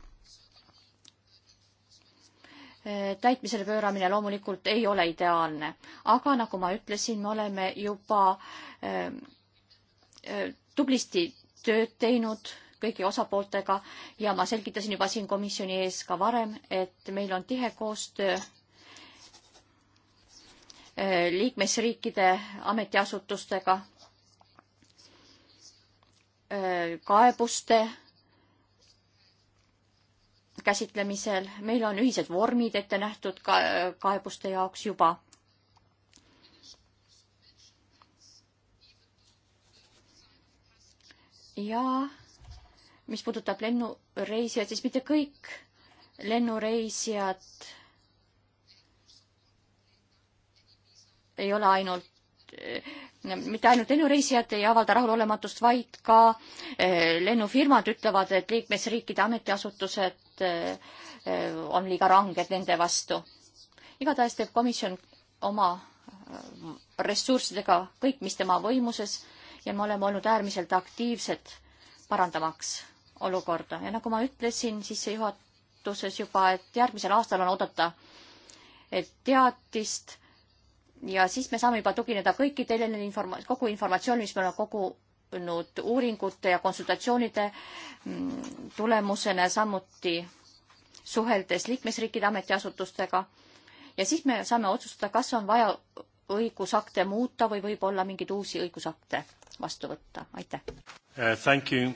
täitmisele pööramine loomulikult ei ole ideaalne, aga nagu ma ütlesin, me oleme juba ähm, äh, tublisti tööd teinud kõigi osapooltega ja ma selgitasin juba siin komisjoni ees ka varem, et meil on tihe koostöö äh, liikmesriikide ametiasutustega, äh, kaebuste käsitlemisel, meil on ühised vormid ette nähtud ka äh, kaebuste jaoks juba. ja mis puudutab lennureisijaid, siis mitte kõik lennureisijad ei ole ainult Äh, mitte ainult lennureisijad ei avalda rahulolematust, vaid ka äh, lennufirmad ütlevad, et liikmesriikide ametiasutused äh, on liiga ranged nende vastu. igatahes teeb komisjon oma ressurssidega kõik, mis tema võimuses ja me oleme olnud äärmiselt aktiivsed parandamaks olukorda ja nagu ma ütlesin sissejuhatuses juba, et järgmisel aastal on oodata teatist ja siis me saame juba tugineda kõikidele informa-, kogu informatsioon, mis me oleme kogunud uuringute ja konsultatsioonide mm, tulemusena, samuti suheldes liikmesriikide ametiasutustega. ja siis me saame otsustada, kas on vaja õigusakte muuta või võib-olla mingeid uusi õigusakte vastu võtta. aitäh uh,!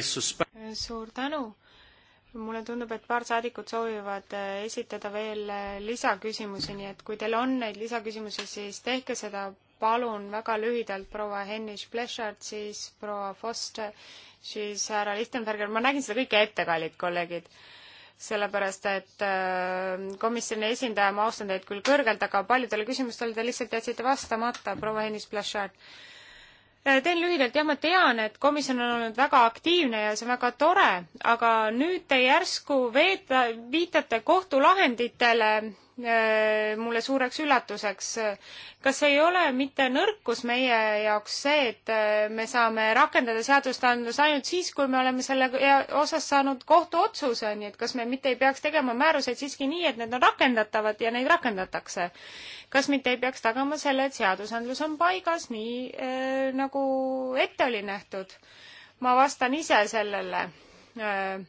Suspect... suur tänu! mulle tundub, et paar saadikut soovivad äh, esitada veel äh, lisaküsimusi, nii et kui teil on neid lisaküsimusi, siis tehke seda palun väga lühidalt, proua Hennis Plešard, siis proua Foster, siis härra Lichtenberger, ma nägin seda kõike ette, kallid kolleegid, sellepärast et äh, komisjoni esindaja, ma austan teid küll kõrgelt, aga paljudele küsimustele te lihtsalt jätsite vastamata, proua Hennis Plešard Äh, teen lühidalt, jah, ma tean, et komisjon on olnud väga aktiivne ja see on väga tore, aga nüüd te järsku veeta, viitate kohtulahenditele Äh, mulle suureks üllatuseks. kas ei ole mitte nõrkus meie jaoks see, et äh, me saame rakendada seadustandlust ainult siis, kui me oleme selle osas saanud kohtuotsuse, nii et kas me mitte ei peaks tegema määruseid siiski nii, et need on rakendatavad ja neid rakendatakse? kas mitte ei peaks tagama selle, et seadusandlus on paigas nii äh, nagu ette oli nähtud? ma vastan ise sellele äh,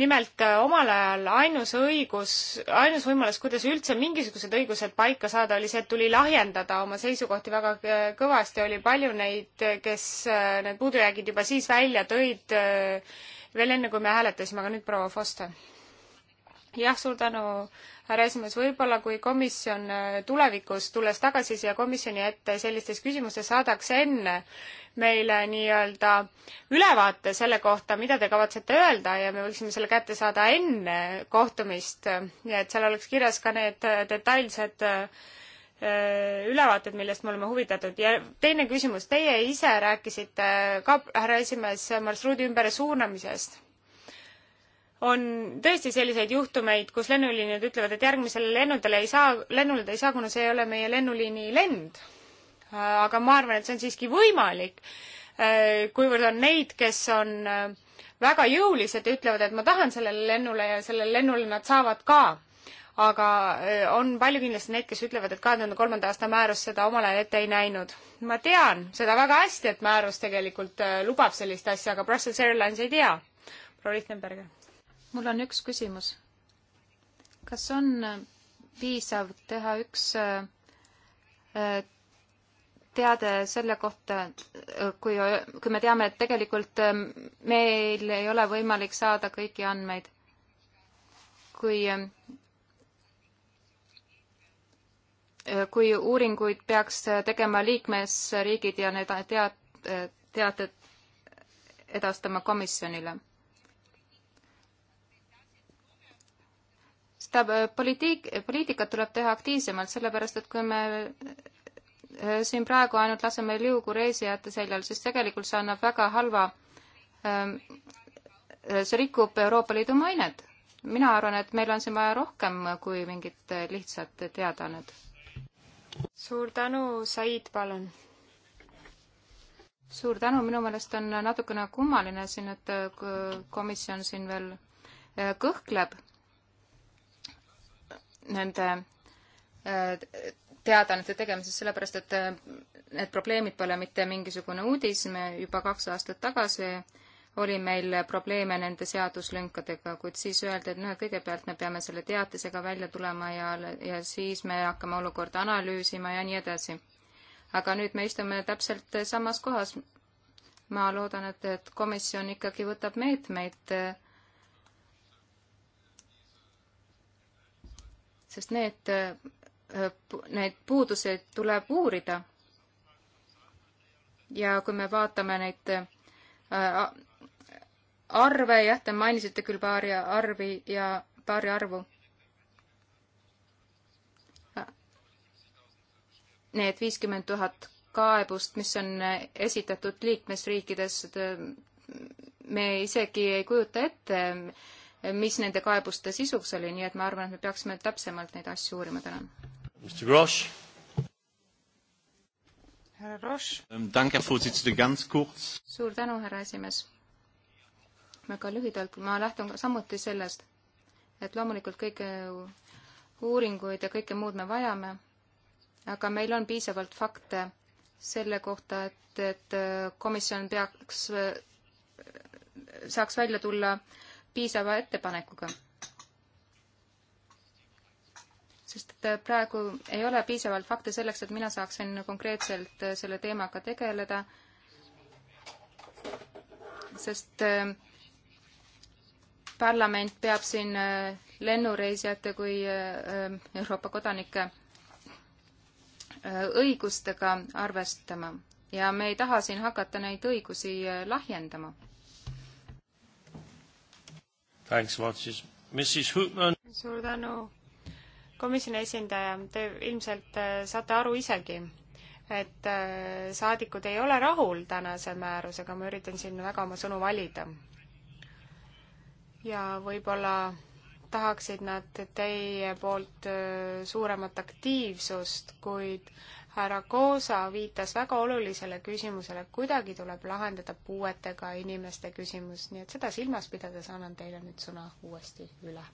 nimelt äh, omal ajal ainus õigus, ainus võimalus, kuidas üldse mingisugused õigused paika saada, oli see, et tuli lahjendada oma seisukohti väga äh, kõvasti, oli palju neid, äh, kes need puudujäägid juba siis välja tõid, veel enne, kui me hääletasime, aga nüüd proua Foster jah, suur tänu, härra esimees, võib-olla kui komisjon äh, tulevikus, tulles tagasi siia komisjoni ette sellistes küsimustes, saadaks enne meile nii-öelda ülevaate selle kohta, mida te kavatsete öelda ja me võiksime selle kätte saada enne kohtumist, nii et seal oleks kirjas ka need äh, detailsed äh, ülevaated, millest me oleme huvitatud ja teine küsimus, teie ise rääkisite ka, härra esimees, marsruudi ümbersuunamisest on tõesti selliseid juhtumeid, kus lennuliinid ütlevad, et järgmisele lennudele ei saa, lennule ta ei saa, kuna see ei ole meie lennuliini lend. aga ma arvan, et see on siiski võimalik, äh, kuivõrd on neid, kes on äh, väga jõulised ja ütlevad, et ma tahan sellele lennule ja sellele lennule nad saavad ka. aga äh, on palju kindlasti neid, kes ütlevad, et kahe tuhande kolmanda aasta määrus seda omal ajal ette ei näinud. ma tean seda väga hästi, et määrus tegelikult lubab sellist asja, aga Brussels Airlines ei tea. proua Lichtenberger mul on üks küsimus. kas on piisav teha üks äh, teade selle kohta, äh, kui, kui me teame, et tegelikult äh, meil ei ole võimalik saada kõiki andmeid. kui, kui uuringuid peaks tegema liikmesriigid ja need tead-, teated edastama komisjonile. seda äh, poliitik, poliitikat tuleb teha aktiivsemalt, sellepärast et kui me äh, siin praegu ainult laseme liugu reisijate seljal, siis tegelikult see annab väga halva, ähm, äh, see rikub Euroopa Liidu mainet. mina arvan, et meil on siin vaja rohkem kui mingit lihtsat teadaannet. suur tänu, Said, palun. suur tänu, minu meelest on natukene kummaline siin, et komisjon siin veel kõhkleb nende äh, teadaannete tegemises, sellepärast et äh, need probleemid pole mitte mingisugune uudis, me juba kaks aastat tagasi oli meil probleeme nende seaduslünkadega, kuid siis öeldi, et noh, et kõigepealt me peame selle teatisega välja tulema ja, ja siis me hakkame olukorda analüüsima ja nii edasi. aga nüüd me istume täpselt samas kohas. ma loodan, et, et komisjon ikkagi võtab meetmeid meet, äh, sest need, äh, need puudused tuleb uurida. ja kui me vaatame neid äh, arve, jah, te mainisite küll paari arvi ja paari arvu. Need viiskümmend tuhat kaebust, mis on esitatud liikmesriikides, äh, me isegi ei kujuta ette, mis nende kaebuste sisuks oli, nii et ma arvan, et me peaksime täpsemalt neid asju uurima, tänan. härra Roche. Ähm, suur tänu, härra esimees. väga lühidalt, ma lähtun ka samuti sellest, et loomulikult kõiki uuringuid ja kõike muud me vajame, aga meil on piisavalt fakte selle kohta, et, et äh, komisjon peaks, äh, saaks välja tulla äh, piisava ettepanekuga. sest et äh, praegu ei ole piisavalt fakte selleks, et mina saaksin konkreetselt äh, selle teemaga tegeleda, sest äh, parlament peab siin lennureisijate kui Euroopa kodanike õigustega arvestama ja me ei taha siin hakata neid õigusi lahjendama Thanks, Matsis. Mrs Hoopman. suur tänu, komisjoni esindaja, te ilmselt äh, saate aru isegi, et äh, saadikud ei ole rahul tänase määrusega, ma üritan siin väga oma sõnu valida. ja võib-olla tahaksid nad teie poolt äh, suuremat aktiivsust, kuid härra Koosa viitas väga olulisele küsimusele, kuidagi tuleb lahendada puuetega inimeste küsimus, nii et seda silmas pidades annan teile nüüd sõna uuesti üle.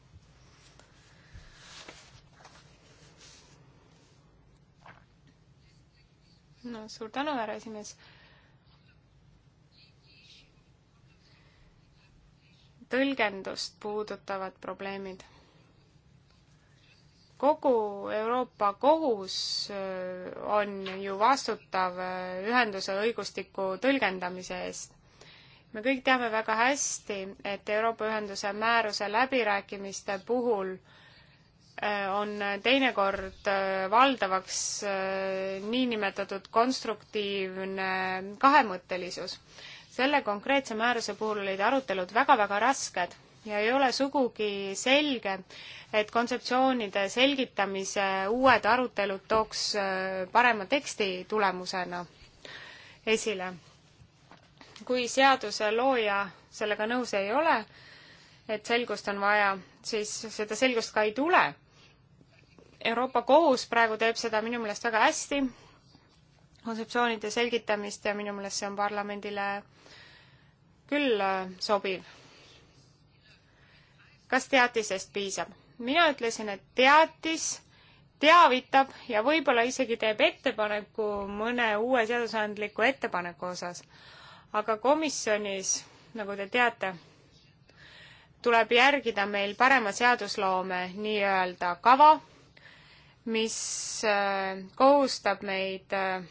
no suur tänu, härra esimees tõlgendust puudutavad probleemid kogu Euroopa Kohus on ju vastutav ühenduse õigustiku tõlgendamise eest. me kõik teame väga hästi, et Euroopa Ühenduse määruse läbirääkimiste puhul on teinekord valdavaks niinimetatud konstruktiivne kahemõttelisus. selle konkreetse määruse puhul olid arutelud väga-väga rasked ja ei ole sugugi selge, et kontseptsioonide selgitamise uued arutelud tooks äh, parema teksti tulemusena esile. kui seaduse looja sellega nõus ei ole, et selgust on vaja, siis seda selgust ka ei tule. Euroopa Kohus praegu teeb seda minu meelest väga hästi, kontseptsioonide selgitamist ja minu meelest see on parlamendile küll äh, sobiv kas teatisest piisab? mina ütlesin, et teatis teavitab ja võib-olla isegi teeb ettepaneku mõne uue seadusandliku ettepaneku osas. aga komisjonis, nagu te teate, tuleb järgida meil parema seadusloome nii-öelda kava, mis äh, kohustab meid äh,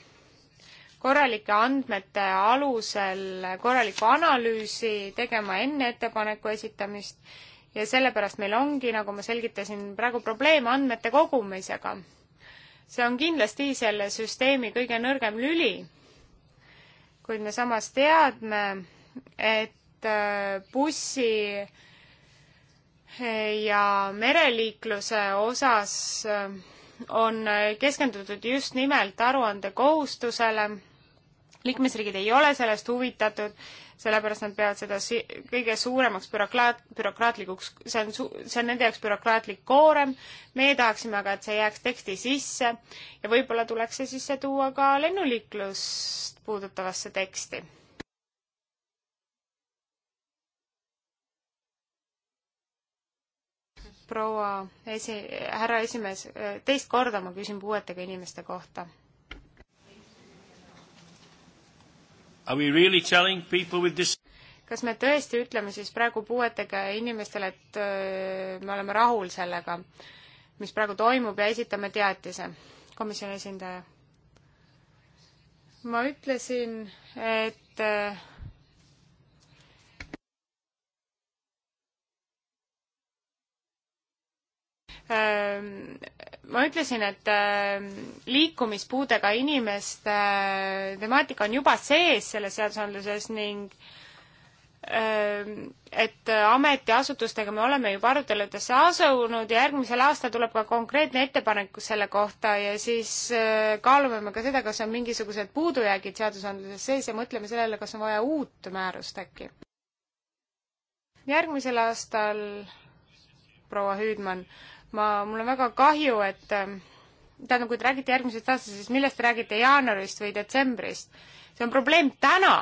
korralike andmete alusel korralikku analüüsi tegema enne ettepaneku esitamist ja sellepärast meil ongi, nagu ma selgitasin, praegu probleem andmete kogumisega. see on kindlasti selle süsteemi kõige nõrgem lüli, kuid me samas teadme, et äh, bussi äh, ja mereliikluse osas äh, on keskendutud just nimelt aruandekohustusele, liikmesriigid ei ole sellest huvitatud, sellepärast nad peavad seda si-, kõige suuremaks bürokraat-, bürokraatlikuks, see on su-, see on nende jaoks bürokraatlik koorem, meie tahaksime aga, et see jääks teksti sisse ja võib-olla tuleks see sisse tuua ka lennuliiklust puudutavasse teksti. proua esi-, härra esimees, teist korda ma küsin puuetega inimeste kohta Really kas me tõesti ütleme siis praegu puuetega inimestele, et äh, me oleme rahul sellega, mis praegu toimub ja esitame teatise? komisjoni esindaja. ma ütlesin, et äh, äh, ma ütlesin, et äh, liikumispuudega inimeste äh, temaatika on juba sees selles seadusandluses ning äh, et ametiasutustega me oleme juba aruteludesse asunud ja järgmisel aastal tuleb ka konkreetne ettepanek selle kohta ja siis kaalume me ka seda, kas on mingisugused puudujäägid seadusandluses sees ja mõtleme sellele, kas on vaja uut määrust äkki. järgmisel aastal proua Hüüdmann ma, mul on väga kahju, et ähm, tähendab, kui te räägite järgmisest aastast, siis millest te räägite, jaanuarist või detsembrist? see on probleem täna,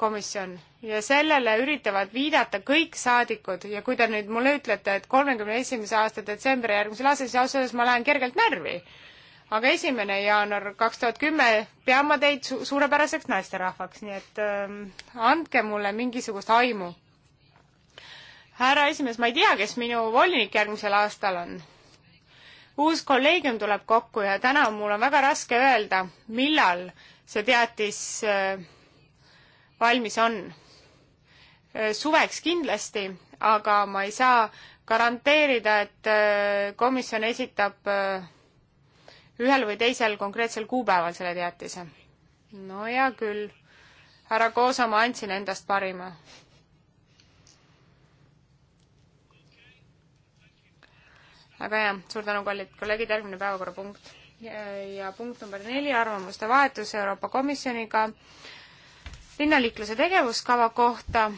komisjon, ja sellele üritavad viidata kõik saadikud ja kui te nüüd mulle ütlete, et kolmekümne esimese aasta detsembri järgmisel aastal, siis ausalt öeldes ma lähen kergelt närvi. aga esimene jaanuar kaks tuhat kümme pean ma teid su suurepäraseks naisterahvaks, nii et ähm, andke mulle mingisugust aimu härra esimees, ma ei tea, kes minu volinik järgmisel aastal on. uus kolleegium tuleb kokku ja täna mul on väga raske öelda, millal see teatis äh, valmis on. Äh, suveks kindlasti, aga ma ei saa garanteerida, et äh, komisjon esitab ühel või teisel konkreetsel kuupäeval selle teatise. no hea küll, härra Koosamaa, andsin endast parima väga hea, suur tänu, kallid kolleegid, järgmine päevakorrapunkt ja, ja punkt number neli, arvamuste vahetus Euroopa Komisjoniga linnaliikluse tegevuskava kohta.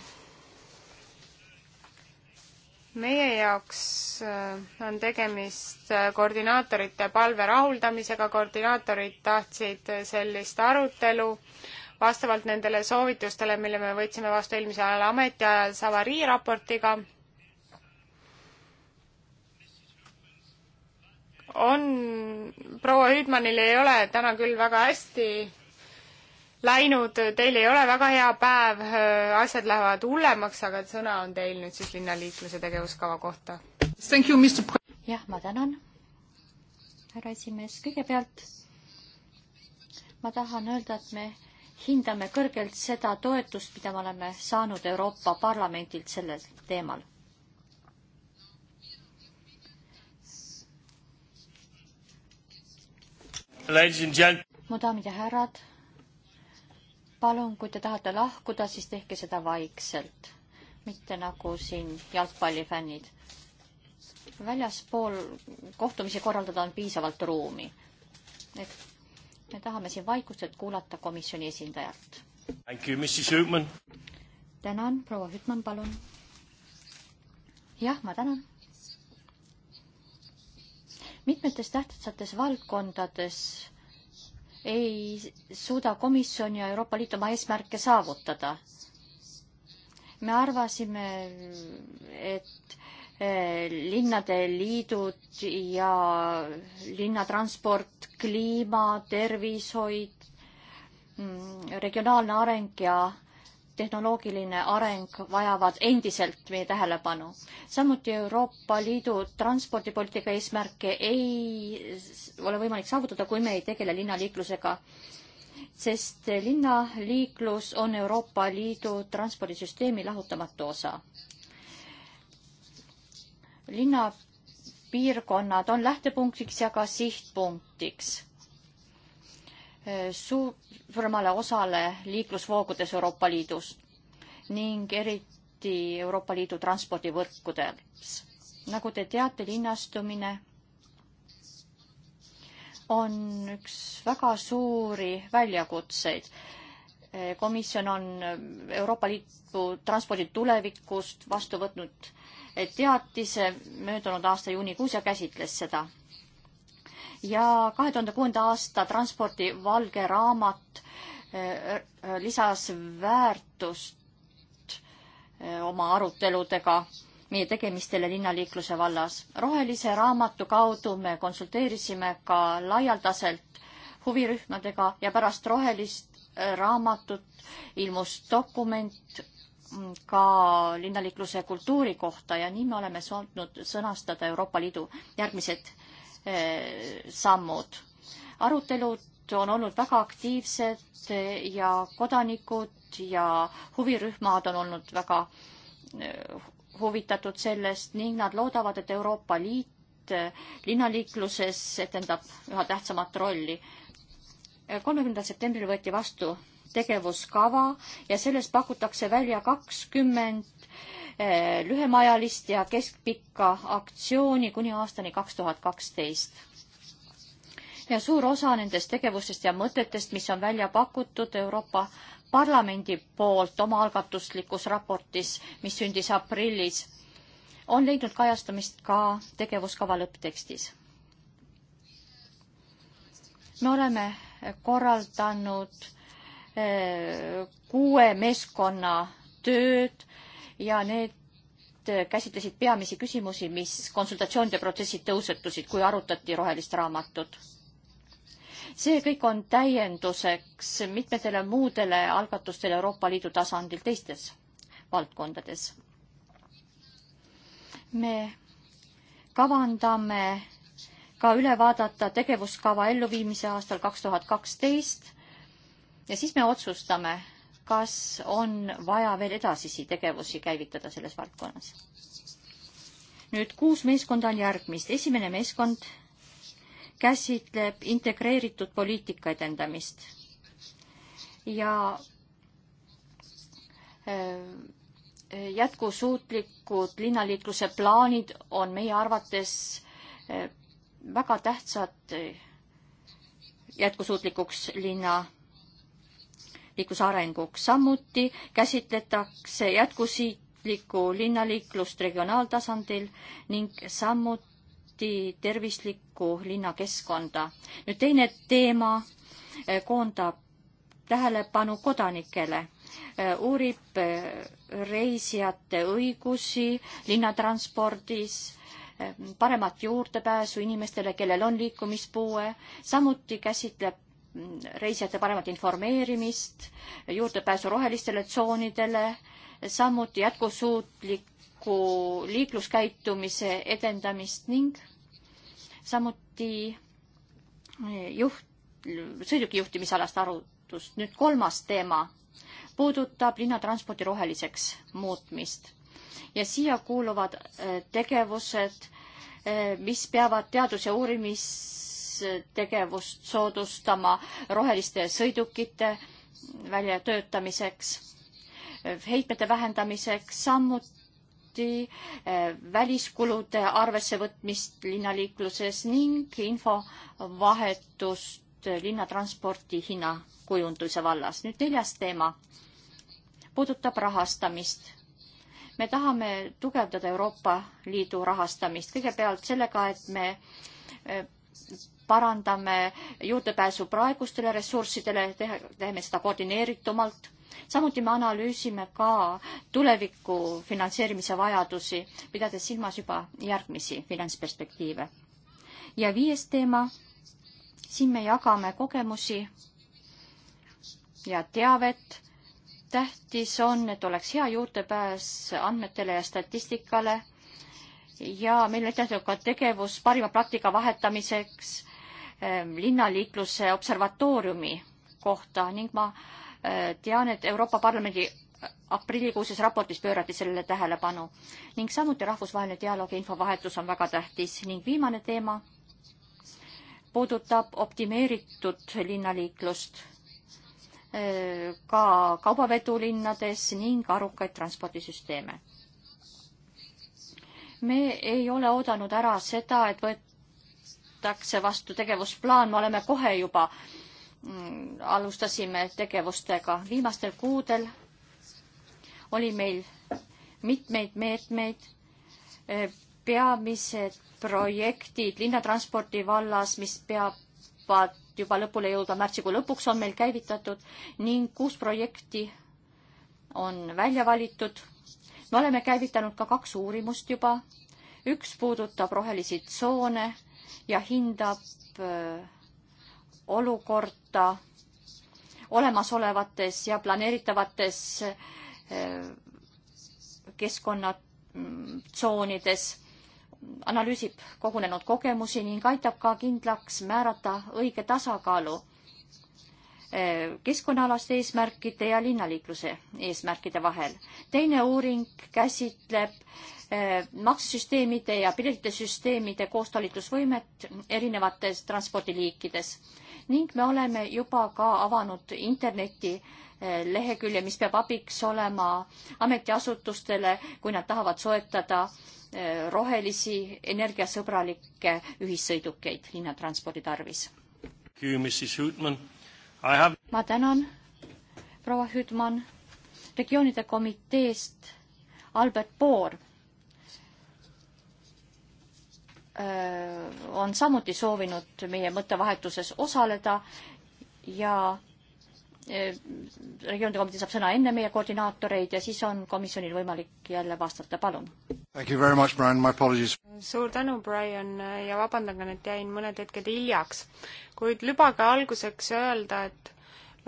meie jaoks äh, on tegemist äh, koordinaatorite palve rahuldamisega, koordinaatorid tahtsid äh, sellist arutelu vastavalt nendele soovitustele, mille me võtsime vastu eelmise ajal ametiajal Savari raportiga on, proua Hüüdmanil ei ole täna küll väga hästi läinud, teil ei ole väga hea päev, asjad lähevad hullemaks, aga sõna on teil nüüd siis linnaliikluse tegevuskava kohta. jah, ma tänan, härra esimees. kõigepealt ma tahan öelda, et me hindame kõrgelt seda toetust, mida me oleme saanud Euroopa Parlamendilt sellel teemal mu daamid ja härrad, palun, kui te tahate lahkuda, siis tehke seda vaikselt, mitte nagu siin jalgpallifännid. väljaspool kohtumisi korraldada on piisavalt ruumi. et me tahame siin vaikust, et kuulata komisjoni esindajalt. tänan, proua Hütman, palun. jah, ma tänan mitmetes tähtsates valdkondades ei suuda komisjon ja Euroopa Liit oma eesmärke saavutada. me arvasime, et eh, linnade liidud ja linnatransport, kliima, tervishoid, mm, regionaalne areng ja tehnoloogiline areng vajavad endiselt meie tähelepanu. samuti Euroopa Liidu transpordipoliitika eesmärke ei ole võimalik saavutada, kui me ei tegele linnaliiklusega. sest linnaliiklus on Euroopa Liidu transpordisüsteemi lahutamatu osa. linnapiirkonnad on lähtepunktiks ja ka sihtpunktiks Eh, suuremale osale liiklusvoogudes Euroopa Liidus ning eriti Euroopa Liidu transpordivõrkudes. nagu te teate, linnastumine on üks väga suuri väljakutseid. Eh, komisjon on Euroopa Liidu transpordi tulevikust vastu võtnud eh, teatise möödunud aasta juunikuus ja käsitles seda ja kahe tuhande kuuenda aasta transpordi valge raamat eh, eh, lisas väärtust eh, oma aruteludega meie tegemistele linnaliikluse vallas. rohelise raamatu kaudu me konsulteerisime ka laialdaselt huvirühmadega ja pärast rohelist raamatut ilmus dokument mm, ka linnaliikluse kultuuri kohta ja nii me oleme saanud sõnastada Euroopa Liidu järgmised Eh, sammud. arutelud on olnud väga aktiivsed eh, ja kodanikud ja huvirühmad on olnud väga eh, huvitatud sellest ning nad loodavad, et Euroopa Liit linnaliikluses etendab üha tähtsamat rolli. kolmekümnendal septembril võeti vastu tegevuskava ja selles pakutakse välja kakskümmend Eh, lühemaajalist ja keskpikka aktsiooni kuni aastani kaks tuhat kaksteist. ja suur osa nendest tegevustest ja mõtetest, mis on välja pakutud Euroopa Parlamendi poolt omaalgatuslikus raportis, mis sündis aprillis, on leidnud kajastamist ka tegevuskava lõpptekstis. me oleme korraldanud eh, kuue meeskonna tööd ja need äh, käsitlesid peamisi küsimusi, mis konsultatsioonide protsessid tõusetusid, kui arutati rohelist raamatut. see kõik on täienduseks mitmetele muudele algatustele Euroopa Liidu tasandil teistes valdkondades. me kavandame ka üle vaadata tegevuskava elluviimise aastal kaks tuhat kaksteist ja siis me otsustame kas on vaja veel edasisi tegevusi käivitada selles valdkonnas? nüüd kuus meeskonda on järgmist. esimene meeskond käsitleb integreeritud poliitika edendamist ja äh, jätkusuutlikud linnaliikluse plaanid on meie arvates äh, väga tähtsad äh, jätkusuutlikuks linna liikluse arenguks. samuti käsitletakse jätkusiitlikku linnaliiklust regionaaltasandil ning samuti tervislikku linnakeskkonda. nüüd teine teema eh, koondab tähelepanu kodanikele, eh, uurib eh, reisijate õigusi linnatranspordis paremat juurdepääsu inimestele, kellel on liikumispuue, samuti käsitleb reisijate paremat informeerimist, juurdepääsu rohelistele tsoonidele, samuti jätkusuutliku liikluskäitumise edendamist ning samuti juht, sõiduki juhtimisalast arutust. nüüd kolmas teema puudutab linnatranspordi roheliseks muutmist ja siia kuuluvad äh, tegevused, äh, mis peavad teadus- ja uurimis tegevust soodustama roheliste sõidukite väljatöötamiseks, heitmete vähendamiseks, samuti eh, väliskulude arvessevõtmist linnaliikluses ning infovahetust linnatransporti hinnakujunduse vallas. nüüd neljas teema puudutab rahastamist. me tahame tugevdada Euroopa Liidu rahastamist kõigepealt sellega, et me eh, parandame juurdepääsu praegustele ressurssidele, teeme seda koordineeritumalt. samuti me analüüsime ka tuleviku finantseerimise vajadusi, pidades silmas juba järgmisi finantsperspektiive. ja viies teema, siin me jagame kogemusi ja teavet. tähtis on, et oleks hea juurdepääs andmetele ja statistikale ja meil on ette nähtud ka tegevus parima praktika vahetamiseks Ähm, linnaliikluse observatooriumi kohta ning ma äh, tean, et Euroopa Parlamendi äh, aprillikuuses raportis pöörati sellele tähelepanu ning samuti rahvusvaheline dialoog ja infovahetus on väga tähtis ning viimane teema puudutab optimeeritud linnaliiklust äh, ka kaubavedu linnades ning arukaid transpordisüsteeme. me ei ole oodanud ära seda, et võet-, võetakse vastu tegevusplaan, me oleme kohe juba mm, alustasime tegevustega. viimastel kuudel oli meil mitmeid meetmeid, e, peamised projektid linnatranspordi vallas, mis peavad juba lõpule jõudma märtsikuu lõpuks, on meil käivitatud ning kuus projekti on välja valitud. me oleme käivitanud ka kaks uurimust juba. üks puudutab rohelisi tsoone ja hindab äh, olukorda olemasolevates ja planeeritavates äh, keskkonnatsoonides, analüüsib kogunenud kogemusi ning aitab ka kindlaks määrata õige tasakaalu äh, keskkonnaalaste eesmärkide ja linnaliikluse eesmärkide vahel. teine uuring käsitleb Eh, maksesüsteemide ja piletitesüsteemide koostalitusvõimet erinevates transpordiliikides ning me oleme juba ka avanud interneti eh, lehekülje, mis peab abiks olema ametiasutustele, kui nad tahavad soetada eh, rohelisi energiasõbralikke ühissõidukeid linnatranspordi tarvis. Have... ma tänan, proua Hüüdmann, regioonide komiteest Albert Poor Äh, on samuti soovinud meie mõttevahetuses osaleda ja äh, regioonide komitee saab sõna enne meie koordinaatoreid ja siis on komisjonil võimalik jälle vastata, palun. suur tänu, Brian, ja vabandan ka, et jäin mõned hetked hiljaks. kuid lubage alguseks öelda, et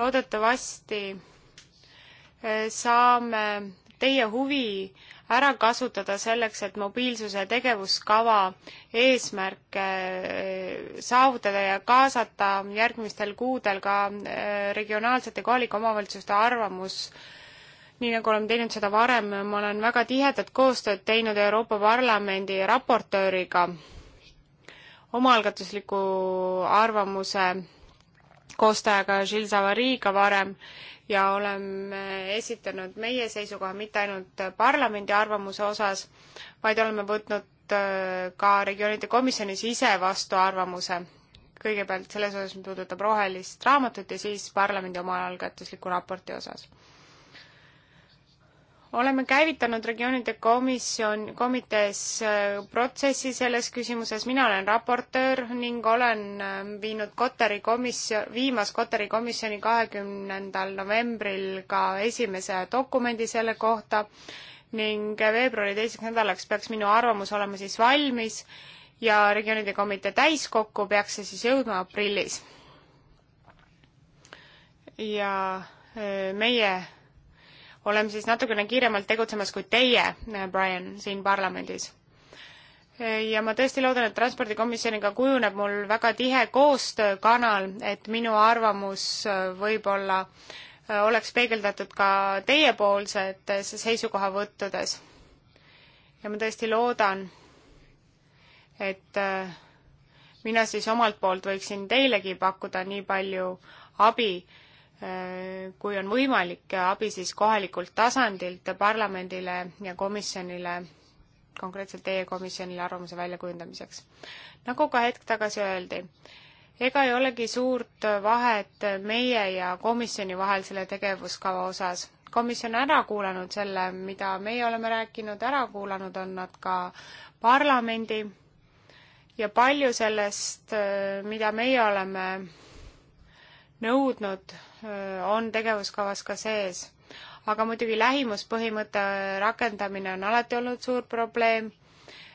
loodetavasti äh, saame teie huvi ära kasutada selleks, et mobiilsuse tegevuskava eesmärke äh, saavutada ja kaasata järgmistel kuudel ka äh, regionaalsete kohalike omavalitsuste arvamus nii nagu oleme teinud seda varem, ma olen väga tihedat koostööd teinud Euroopa Parlamendi raportööriga omaalgatusliku arvamuse koostajaga Gilles Zavariga varem ja oleme esitanud meie seisukoha mitte ainult parlamendi arvamuse osas, vaid oleme võtnud äh, ka regioonide komisjonis ise vastu arvamuse. kõigepealt selles osas, mis puudutab rohelist raamatut ja siis parlamendi omaalgatusliku raporti osas oleme käivitanud regioonide komisjon, komitees äh, protsessi selles küsimuses, mina olen raportöör ning olen äh, viinud Kotari komisjon, viimas Kotari komisjoni kahekümnendal novembril ka esimese dokumendi selle kohta ning veebruari teiseks nädalaks peaks minu arvamus olema siis valmis ja regioonide komitee täiskokku peaks see siis jõudma aprillis. ja äh, meie oleme siis natukene kiiremalt tegutsemas kui teie, Brian, siin parlamendis. ja ma tõesti loodan, et transpordikomisjoniga kujuneb mul väga tihe koostöökanal, et minu arvamus võib-olla oleks peegeldatud ka teiepoolsetes seisukohavõttudes. ja ma tõesti loodan, et äh, mina siis omalt poolt võiksin teilegi pakkuda nii palju abi, kui on võimalik abi siis kohalikult tasandilt parlamendile ja komisjonile, konkreetselt teie komisjonile arvamuse väljakujundamiseks. nagu ka hetk tagasi öeldi, ega ei olegi suurt vahet meie ja komisjoni vahel selle tegevuskava osas. komisjon ära kuulanud selle, mida meie oleme rääkinud, ära kuulanud on nad ka parlamendi ja palju sellest, mida meie oleme nõudnud Äh, on tegevuskavas ka sees. aga muidugi lähimuspõhimõtte rakendamine on alati olnud suur probleem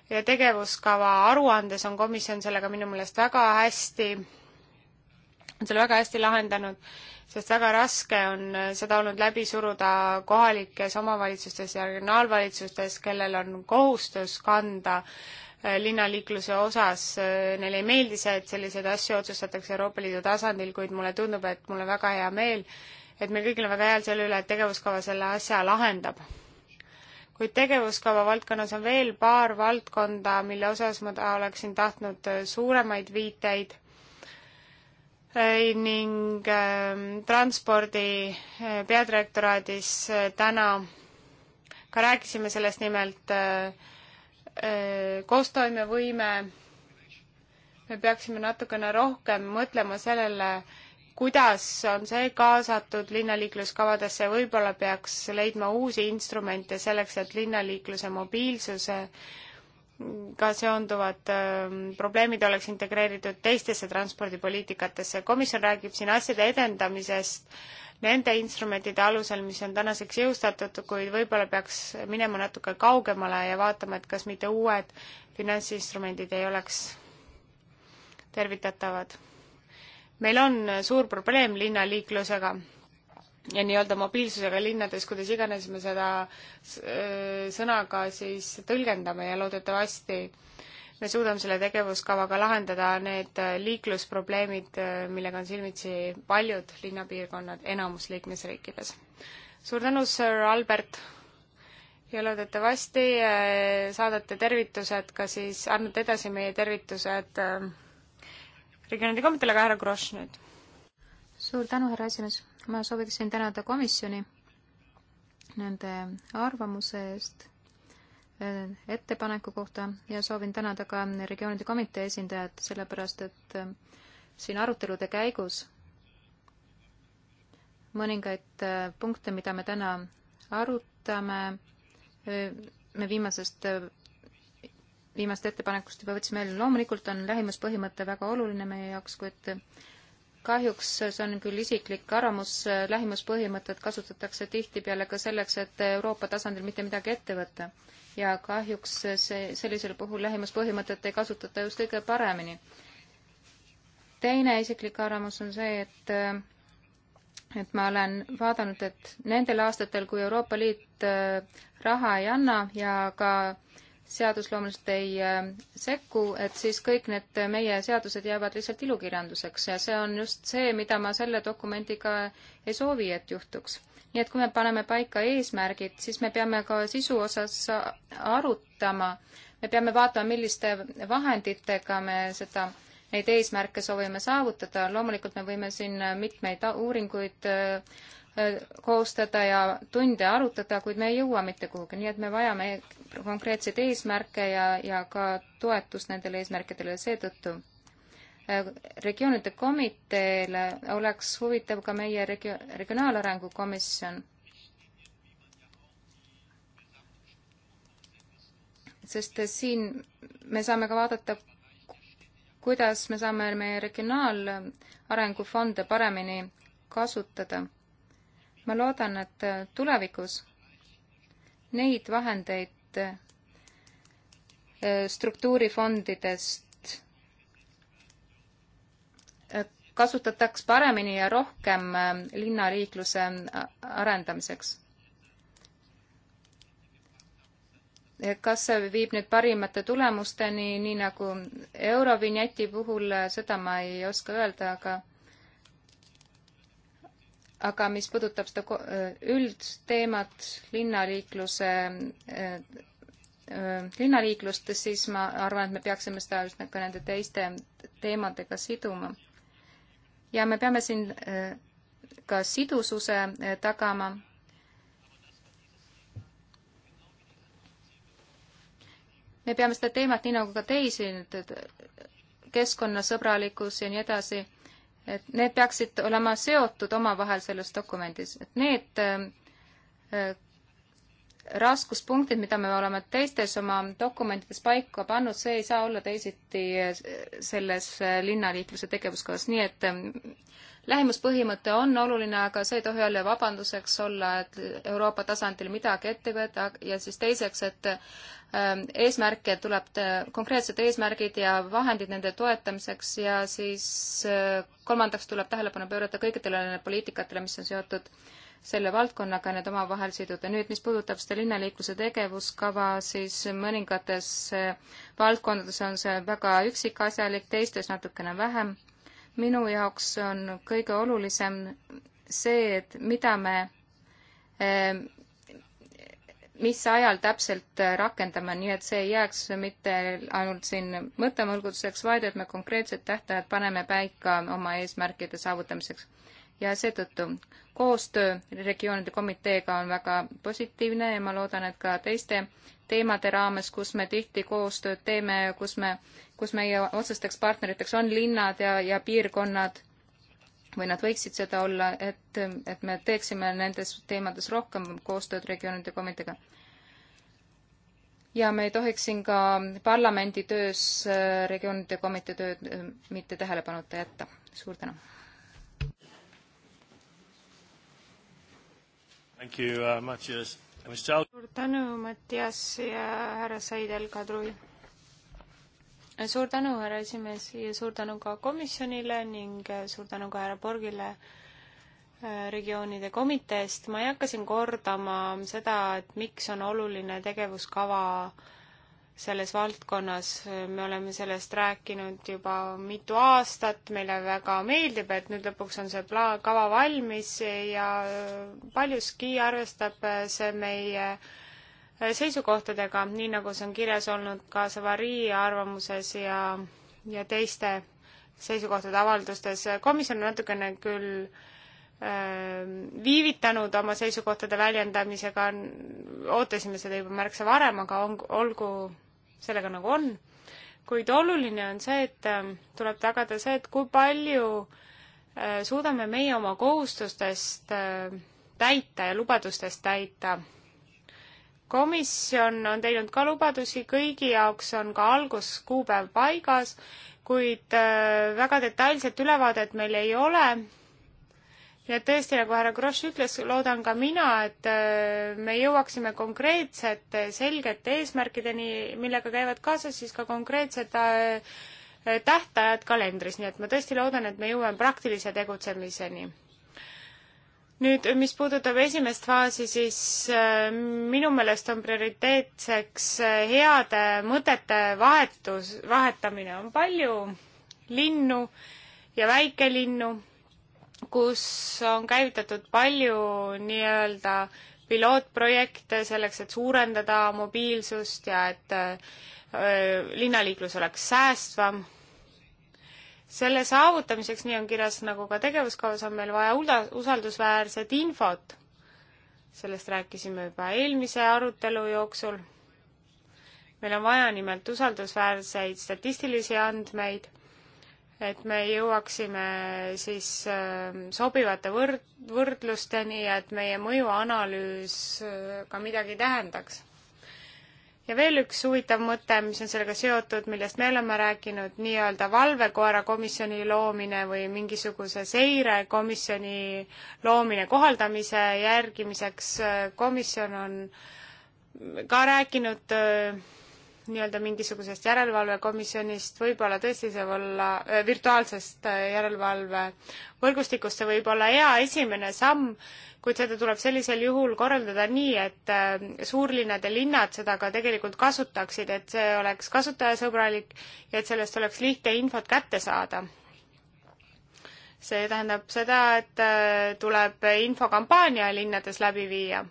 ja tegevuskava aruandes on komisjon sellega minu meelest väga hästi, on selle väga hästi lahendanud, sest väga raske on äh, seda olnud läbi suruda kohalikes omavalitsustes ja regionaalvalitsustes, kellel on kohustus kanda äh, Äh, linnaliikluse osas, äh, neile ei meeldi see, et selliseid asju otsustatakse Euroopa Liidu tasandil, kuid mulle tundub, et mul on väga hea meel, et meil kõigil on väga hea selle üle, et tegevuskava selle asja lahendab. kuid tegevuskava valdkonnas on veel paar valdkonda, mille osas ma ta oleksin tahtnud äh, suuremaid viiteid ning ähm, transpordi peadirektoraadis täna ka rääkisime sellest nimelt äh, Äh, koostoimevõime, me peaksime natukene rohkem mõtlema sellele, kuidas on see kaasatud linnaliikluskavadesse, võib-olla peaks leidma uusi instrumente selleks, et linnaliikluse mobiilsusega seonduvad ähm, probleemid oleks integreeritud teistesse transpordipoliitikatesse. komisjon räägib siin asjade edendamisest nende instrumentide alusel, mis on tänaseks jõustatud, kuid võib-olla peaks minema natuke kaugemale ja vaatama, et kas mitte uued finantsinstrumendid ei oleks tervitatavad. meil on suur probleem linnaliiklusega ja nii-öelda mobiilsusega linnades, kuidas iganes me seda sõna ka siis tõlgendame ja loodetavasti äh, me suudame selle tegevuskavaga lahendada need äh, liiklusprobleemid, äh, millega on silmitsi paljud linnapiirkonnad enamus liikmesriikides. suur tänu, Sir Albert! ja loodetavasti äh, saadate tervitused ka siis, annate edasi meie tervitused regionaalide komiteele, aga härra Grosch nüüd. suur tänu, härra esimees! ma sooviksin tänada komisjoni nende arvamuse eest ettepaneku kohta ja soovin tänada ka regioonide komitee esindajat, sellepärast et äh, siin arutelude käigus mõningaid äh, punkte, mida me täna arutame, äh, me viimasest, viimast ettepanekust juba võtsime välja, loomulikult on lähimuspõhimõte väga oluline meie jaoks, kuid kahjuks see on küll isiklik arvamus, lähimuspõhimõtet kasutatakse tihtipeale ka selleks, et Euroopa tasandil mitte midagi ette võtta. ja kahjuks see, sellisel puhul lähimuspõhimõtet ei kasutata just kõige paremini. teine isiklik arvamus on see, et et ma olen vaadanud, et nendel aastatel, kui Euroopa Liit äh, raha ei anna ja ka äh, seadusloomeliselt ei äh, sekku, et siis kõik need äh, meie seadused jäävad lihtsalt ilukirjanduseks ja see on just see, mida ma selle dokumendiga ei soovi, et juhtuks. nii et kui me paneme paika eesmärgid, siis me peame ka sisu osas arutama, me peame vaatama, milliste vahenditega me seda, neid eesmärke soovime saavutada, loomulikult me võime siin mitmeid uuringuid äh, koostada ja tunde arutada, kuid me ei jõua mitte kuhugi, nii et me vajame konkreetseid eesmärke ja, ja ka toetust nendele eesmärkidele seetõttu. Äh, regioonide komiteele oleks huvitav ka meie regio-, regionaalarengu komisjon. sest äh, siin me saame ka vaadata, kuidas me saame meie regionaalarengufonde paremini kasutada ma loodan, et tulevikus neid vahendeid äh, struktuurifondidest äh, kasutataks paremini ja rohkem äh, linnaliikluse arendamiseks. kas see viib nüüd parimate tulemusteni, nii nagu Eurovinjeti puhul, seda ma ei oska öelda, aga aga mis puudutab seda äh, üldteemat, linnaliikluse, äh, äh, linnaliiklust, siis ma arvan, et me peaksime seda just nagu nende teiste teemadega siduma. ja me peame siin ka sidususe tagama. me peame seda teemat, nii nagu ka teisi, keskkonnasõbralikkus ja nii edasi et need peaksid olema seotud omavahel selles dokumendis, et need äh, äh, raskuspunktid, mida me oleme teistes oma dokumentides paika pannud, see ei saa olla teisiti äh, selles äh, linnaliikluse tegevuskavas, nii et lähimuspõhimõte on oluline, aga see ei tohi jälle vabanduseks olla, et Euroopa tasandil midagi ette võtta ja siis teiseks, et ähm, eesmärke tuleb, konkreetsed eesmärgid ja vahendid nende toetamiseks ja siis äh, kolmandaks tuleb tähelepanu pöörata kõikidele poliitikatele, mis on seotud selle valdkonnaga need omavahel siduda. nüüd, mis puudutab seda linnaliikluse tegevuskava, siis mõningates äh, valdkondades on see väga üksikasjalik, teistes natukene vähem minu jaoks on kõige olulisem see, et mida me, eh, mis ajal täpselt rakendame, nii et see ei jääks mitte ainult siin mõttemõlgutuseks, vaid et me konkreetsed tähtajad paneme paika oma eesmärkide saavutamiseks ja seetõttu koostöö regioonide komiteega on väga positiivne ja ma loodan, et ka teiste teemade raames, kus me tihti koostööd teeme ja kus me, kus meie otsesteks partneriteks on linnad ja, ja piirkonnad või nad võiksid seda olla, et, et me teeksime nendes teemades rohkem koostööd regioonide komiteega. ja me ei tohiks siin ka parlamendi töös äh, regioonide komitee tööd äh, mitte tähelepanuta jätta. suur tänu! Uh, suur tänu, Mattias ja härra Said El-Kadri. suur tänu, härra esimees ja suur tänu ka komisjonile ning äh, suur tänu ka härra Borgile äh, regioonide komiteest. ma ei hakka siin kordama seda, et miks on oluline tegevuskava äh, selles valdkonnas, me oleme sellest rääkinud juba mitu aastat, meile väga meeldib, et nüüd lõpuks on see pla-, kava valmis ja paljuski arvestab see meie seisukohtadega, nii nagu see on kirjas olnud ka Savarii arvamuses ja, ja teiste seisukohtade avaldustes. komisjon on natukene küll äh, Ähm, viivitanud oma seisukohtade väljendamisega, ootasime seda juba märksa varem, aga on, olgu sellega nagu on. kuid oluline on see, et ähm, tuleb tagada see, et kui palju äh, suudame meie oma kohustustest äh, täita ja lubadustest täita. komisjon on teinud ka lubadusi, kõigi jaoks on ka alguskuupäev paigas, kuid äh, väga detailset ülevaadet meil ei ole nii et tõesti, nagu härra Grosch ütles, loodan ka mina, et äh, me jõuaksime konkreetsete, selgete eesmärkideni, millega käivad kaasas siis ka konkreetsed äh, tähtajad kalendris, nii et ma tõesti loodan, et me jõuame praktilise tegutsemiseni. nüüd, mis puudutab esimest faasi, siis äh, minu meelest on prioriteetseks heade mõtete vahetus, vahetamine on palju linnu ja väikelinnu kus on käivitatud palju nii-öelda pilootprojekte selleks, et suurendada mobiilsust ja et äh, linnaliiklus oleks säästvam. selle saavutamiseks, nii on kirjas nagu ka tegevuskavas, on meil vaja usaldusväärset infot. sellest rääkisime juba eelmise arutelu jooksul. meil on vaja nimelt usaldusväärseid statistilisi andmeid et me jõuaksime siis ähm, sobivate võrd-, võrdlusteni ja et meie mõjuanalüüs äh, ka midagi tähendaks. ja veel üks huvitav mõte, mis on sellega seotud, millest me oleme rääkinud, nii-öelda valvekoera komisjoni loomine või mingisuguse seirekomisjoni loomine kohaldamise järgimiseks, äh, komisjon on ka rääkinud öö, äh, nii-öelda mingisugusest järelevalvekomisjonist, võib-olla tõesti see olla äh, virtuaalsest äh, järelevalvevõrgustikust, see võib olla hea esimene samm, kuid seda tuleb sellisel juhul korraldada nii, et äh, suurlinnad ja linnad seda ka tegelikult kasutaksid, et see oleks kasutajasõbralik ja et sellest oleks lihtne infot kätte saada see tähendab seda, et tuleb infokampaania linnades läbi viia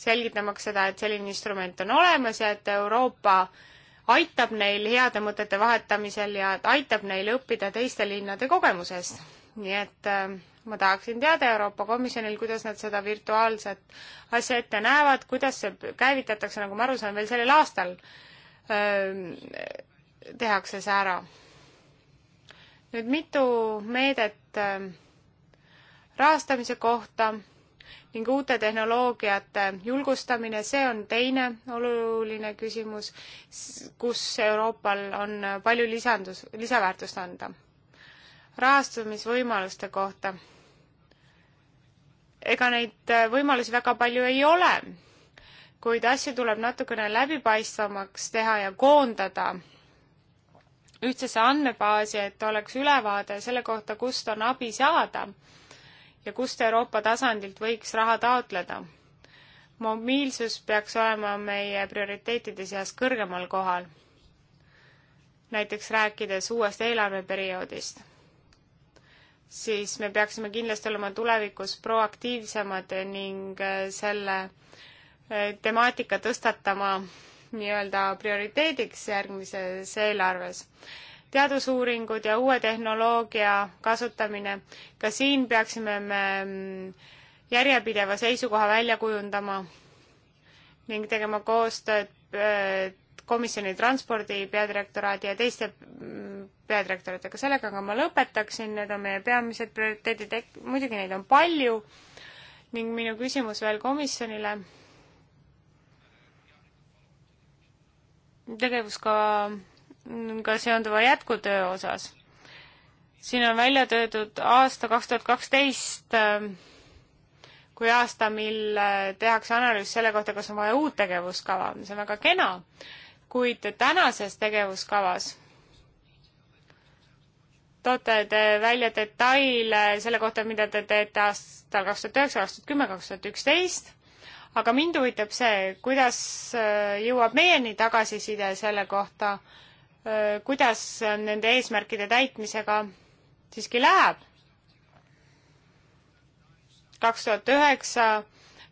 selgitamaks seda, et selline instrument on olemas ja et Euroopa aitab neil heade mõtete vahetamisel ja aitab neil õppida teiste linnade kogemusest. nii et äh, ma tahaksin teada Euroopa Komisjonil, kuidas nad seda virtuaalset asja ette näevad, kuidas see käivitatakse, nagu ma aru saan, veel sellel aastal öö, äh, tehakse see ära. nüüd mitu meedet öö, äh, rahastamise kohta ning uute tehnoloogiate julgustamine, see on teine oluline küsimus, kus Euroopal on palju lisandus, lisaväärtust anda. rahastamisvõimaluste kohta. ega neid võimalusi väga palju ei ole, kuid asju tuleb natukene läbipaistvamaks teha ja koondada ühtsesse andmebaasi, et oleks ülevaade selle kohta, kust on abi saada ja kust Euroopa tasandilt võiks raha taotleda. mobiilsus peaks olema meie prioriteetide seas kõrgemal kohal, näiteks rääkides uuest eelarveperioodist siis me peaksime kindlasti olema tulevikus proaktiivsemad ning äh, selle äh, temaatika tõstatama nii-öelda prioriteediks järgmises eelarves teadusuuringud ja uue tehnoloogia kasutamine, ka siin peaksime me mm, järjepideva seisukoha välja kujundama ning tegema koostööd äh, komisjoni transpordi peadirektoraadi ja teiste mm, peadirektoritega. sellega aga ma lõpetaksin, need on meie peamised prioriteedid, muidugi neid on palju ning minu küsimus veel komisjonile tegevuskava ka seonduva jätkutöö osas. siin on välja töötud aasta kaks tuhat kaksteist ähm, kui aasta, mil äh, tehakse analüüs selle kohta, kas on vaja uut tegevuskava, see on väga kena, kuid tänases tegevuskavas toote te välja detaile selle kohta, mida te teete aastal kaks tuhat üheksa, kaks tuhat kümme, kaks tuhat üksteist, aga mind huvitab see, kuidas äh, jõuab meieni tagasiside selle kohta, Äh, kuidas nende eesmärkide täitmisega siiski läheb. kaks tuhat üheksa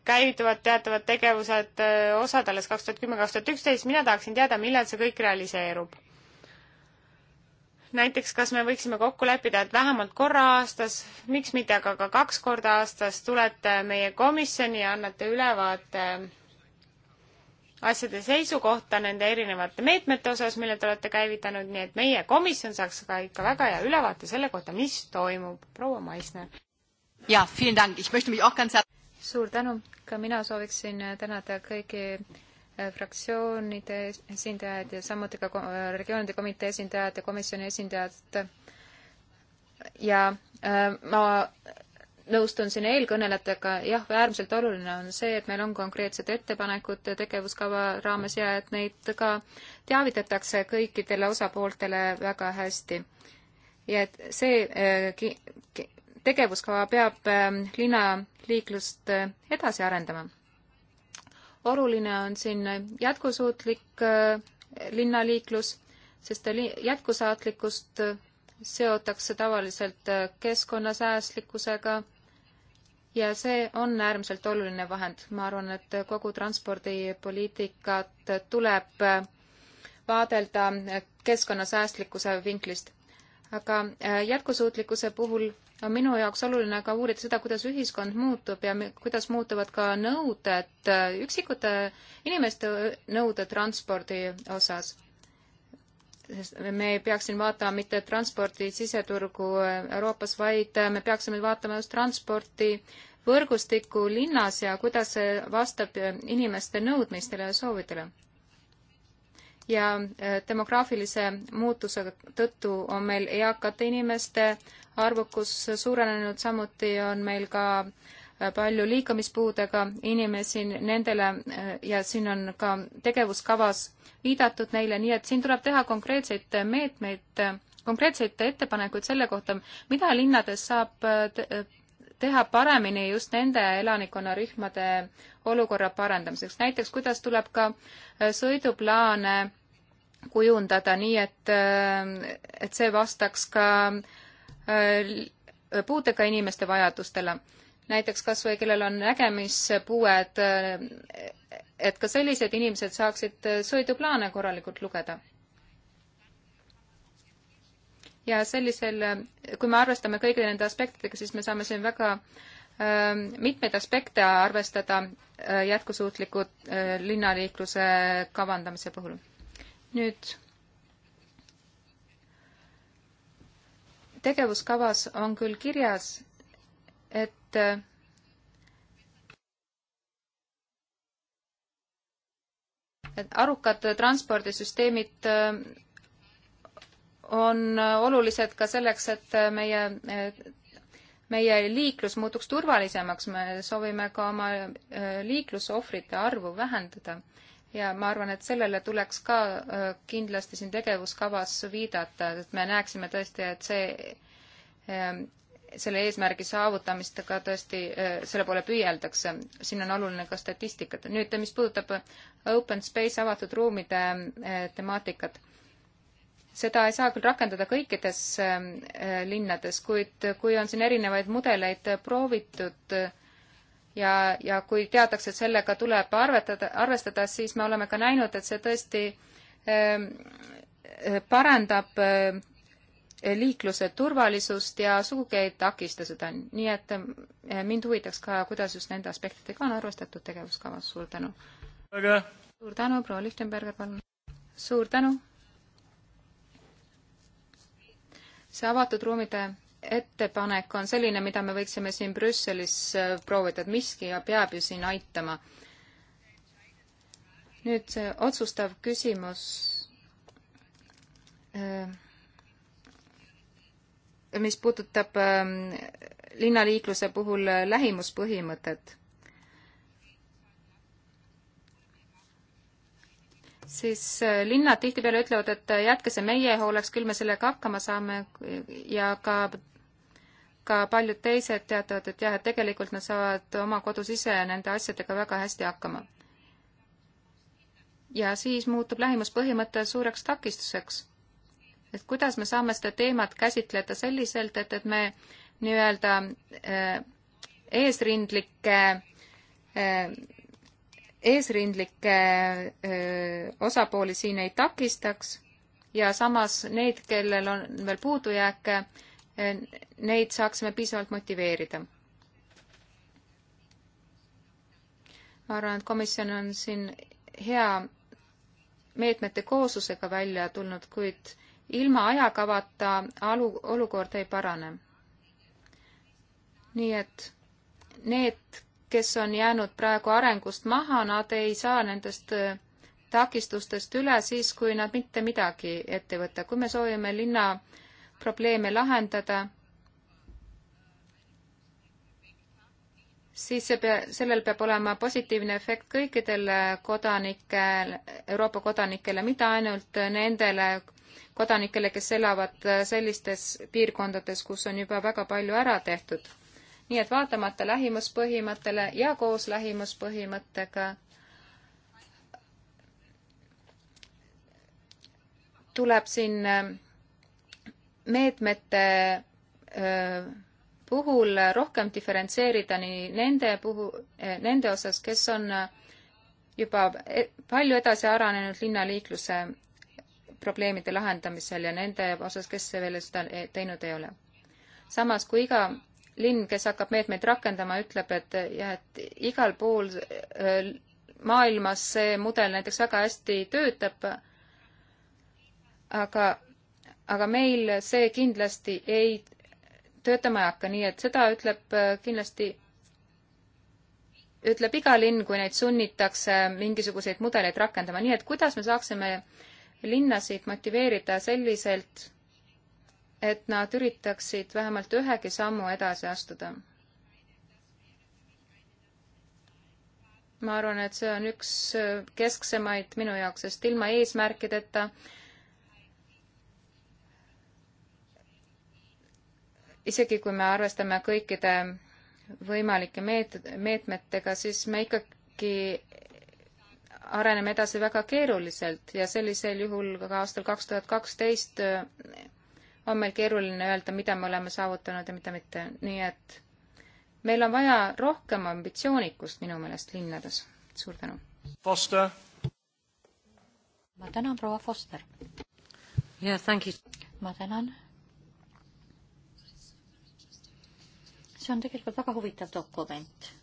käivituvad teatavad tegevused äh, osad alles kaks tuhat kümme, kaks tuhat üksteist, mina tahaksin teada, millal see kõik realiseerub. näiteks, kas me võiksime kokku leppida, et vähemalt korra aastas, miks mitte aga ka kaks korda aastas tulete meie komisjoni ja annate ülevaate asjade seisukohta nende erinevate meetmete osas, mille te olete käivitanud, nii et meie komisjon saaks ka ikka väga hea ülevaate selle kohta, mis toimub. proua Maisner. jaa, suur tänu, ka mina sooviksin tänada kõigi äh, fraktsioonide esindajaid ja samuti ka äh, regioonide komitee esindajad ja komisjoni esindajad. ja äh, ma nõustun siin eelkõnelejatega, jah, äärmiselt oluline on see, et meil on konkreetsed ettepanekud tegevuskava raames ja et neid ka teavitatakse kõikidele osapooltele väga hästi. ja et see äh, tegevuskava peab ähm, linnaliiklust äh, edasi arendama. oluline on siin jätkusuutlik äh, linnaliiklus, sest jätkusaatlikkust seotakse tavaliselt keskkonnasäästlikkusega ja see on äärmiselt oluline vahend. ma arvan, et kogu transpordipoliitikat tuleb vaadelda keskkonnasäästlikkuse vinklist. aga äh, jätkusuutlikkuse puhul on minu jaoks oluline ka uurida seda, kuidas ühiskond muutub ja kuidas muutuvad ka nõuded, äh, üksikute inimeste äh, nõuded transpordi osas me ei peaks siin vaatama mitte transpordi siseturgu Euroopas, vaid me peaksime vaatama just transporti võrgustikku linnas ja kuidas see vastab inimeste nõudmistele ja soovidele. ja äh, demograafilise muutuse tõttu on meil eakate inimeste arvukus suurenenud, samuti on meil ka äh, palju liikumispuudega inimesi nendele eh, ja siin on ka tegevuskavas viidatud neile, nii et siin tuleb teha konkreetseid meetmeid, konkreetseid ettepanekuid selle kohta, mida linnades saab teha paremini just nende elanikkonnarühmade olukorra parandamiseks, näiteks kuidas tuleb ka eh, sõiduplaane kujundada nii, et, eh, et see vastaks ka puudega inimeste vajadustele näiteks kas või kellel on nägemispuue, et, et ka sellised inimesed saaksid sõiduplaane korralikult lugeda. ja sellisel, kui me arvestame kõigi nende aspektidega, siis me saame siin väga äh, mitmeid aspekte arvestada äh, jätkusuutliku äh, linnaliikluse kavandamise puhul. nüüd tegevuskavas on küll kirjas, et et arukad transpordisüsteemid äh, on olulised ka selleks, et meie, meie liiklus muutuks turvalisemaks, me soovime ka oma äh, liiklusohvrite arvu vähendada. ja ma arvan, et sellele tuleks ka äh, kindlasti siin tegevuskavas viidata, et me näeksime tõesti, et see selle eesmärgi saavutamist ka tõesti äh, selle poole püüeldakse. siin on oluline ka statistikat. nüüd, mis puudutab open space avatud ruumide äh, temaatikat, seda ei saa küll rakendada kõikides äh, linnades, kuid kui on siin erinevaid mudeleid proovitud ja, ja kui teatakse, et sellega tuleb arvetada, arvestada, siis me oleme ka näinud, et see tõesti parandab liikluse turvalisust ja sugugi ei takista seda, nii et eh, mind huvitaks ka, kuidas just nende aspektidega on arvestatud tegevuskavas, suur tänu. suur tänu, proua Lichtenberger, palun. suur tänu. see avatud ruumide ettepanek on selline, mida me võiksime siin Brüsselis eh, proovida, et miski peab ju siin aitama. nüüd see otsustav küsimus öö eh, mis puudutab ähm, linnaliikluse puhul äh, lähimuspõhimõtet, siis äh, linnad tihtipeale ütlevad, et äh, jätke see meie hooleks, küll me sellega hakkama saame ja ka ka paljud teised teatavad, et jah, et tegelikult nad saavad oma kodus ise nende asjadega väga hästi hakkama. ja siis muutub lähimuspõhimõte suureks takistuseks et kuidas me saame seda teemat käsitleda selliselt, et, et me nii-öelda äh, eesrindlike, äh, eesrindlikke äh, osapooli siin ei takistaks ja samas neid, kellel on veel puudujääke, neid saaksime piisavalt motiveerida. ma arvan, et komisjon on siin hea meetmete kooslusega välja tulnud, kuid ilma ajakavata alu, olukord ei parane. nii et need, kes on jäänud praegu arengust maha, nad ei saa nendest äh, takistustest üle siis, kui nad mitte midagi ette ei võta. kui me soovime linna probleeme lahendada, siis see pea, sellel peab olema positiivne efekt kõikidele kodanikele, Euroopa kodanikele, mitte ainult nendele, kodanikele, kes elavad äh, sellistes piirkondades, kus on juba väga palju ära tehtud. nii et vaatamata lähimuspõhimõttele ja koos lähimuspõhimõttega tuleb siin äh, meetmete äh, puhul rohkem diferentseerida nii nende puhul, nende osas, kes on juba e-, palju edasi arenenud linnaliikluse probleemide lahendamisel ja nende osas, kes veel seda e-, teinud ei ole. samas, kui iga linn, kes hakkab meetmeid rakendama, ütleb, et jah, et igal pool e, maailmas see mudel näiteks väga hästi töötab, aga, aga meil see kindlasti ei töötama ei hakka, nii et seda ütleb e, kindlasti ütleb iga linn, kui neid sunnitakse mingisuguseid mudeleid rakendama, nii et kuidas me saaksime linnasid motiveerida selliselt, et nad üritaksid vähemalt ühegi sammu edasi astuda. ma arvan, et see on üks kesksemaid minu jaoks, sest ilma eesmärkideta isegi kui me arvestame kõikide võimalike meet-, meetmetega, siis me ikkagi areneme edasi väga keeruliselt ja sellisel juhul ka aastal kaks tuhat kaksteist äh, on meil keeruline öelda, mida me oleme saavutanud ja mida mitte, nii et meil on vaja rohkem ambitsioonikust minu meelest linnades. suur tänu. Foster. ma tänan, proua Foster. jah yeah,, thank you. ma tänan. see on tegelikult väga huvitav dokument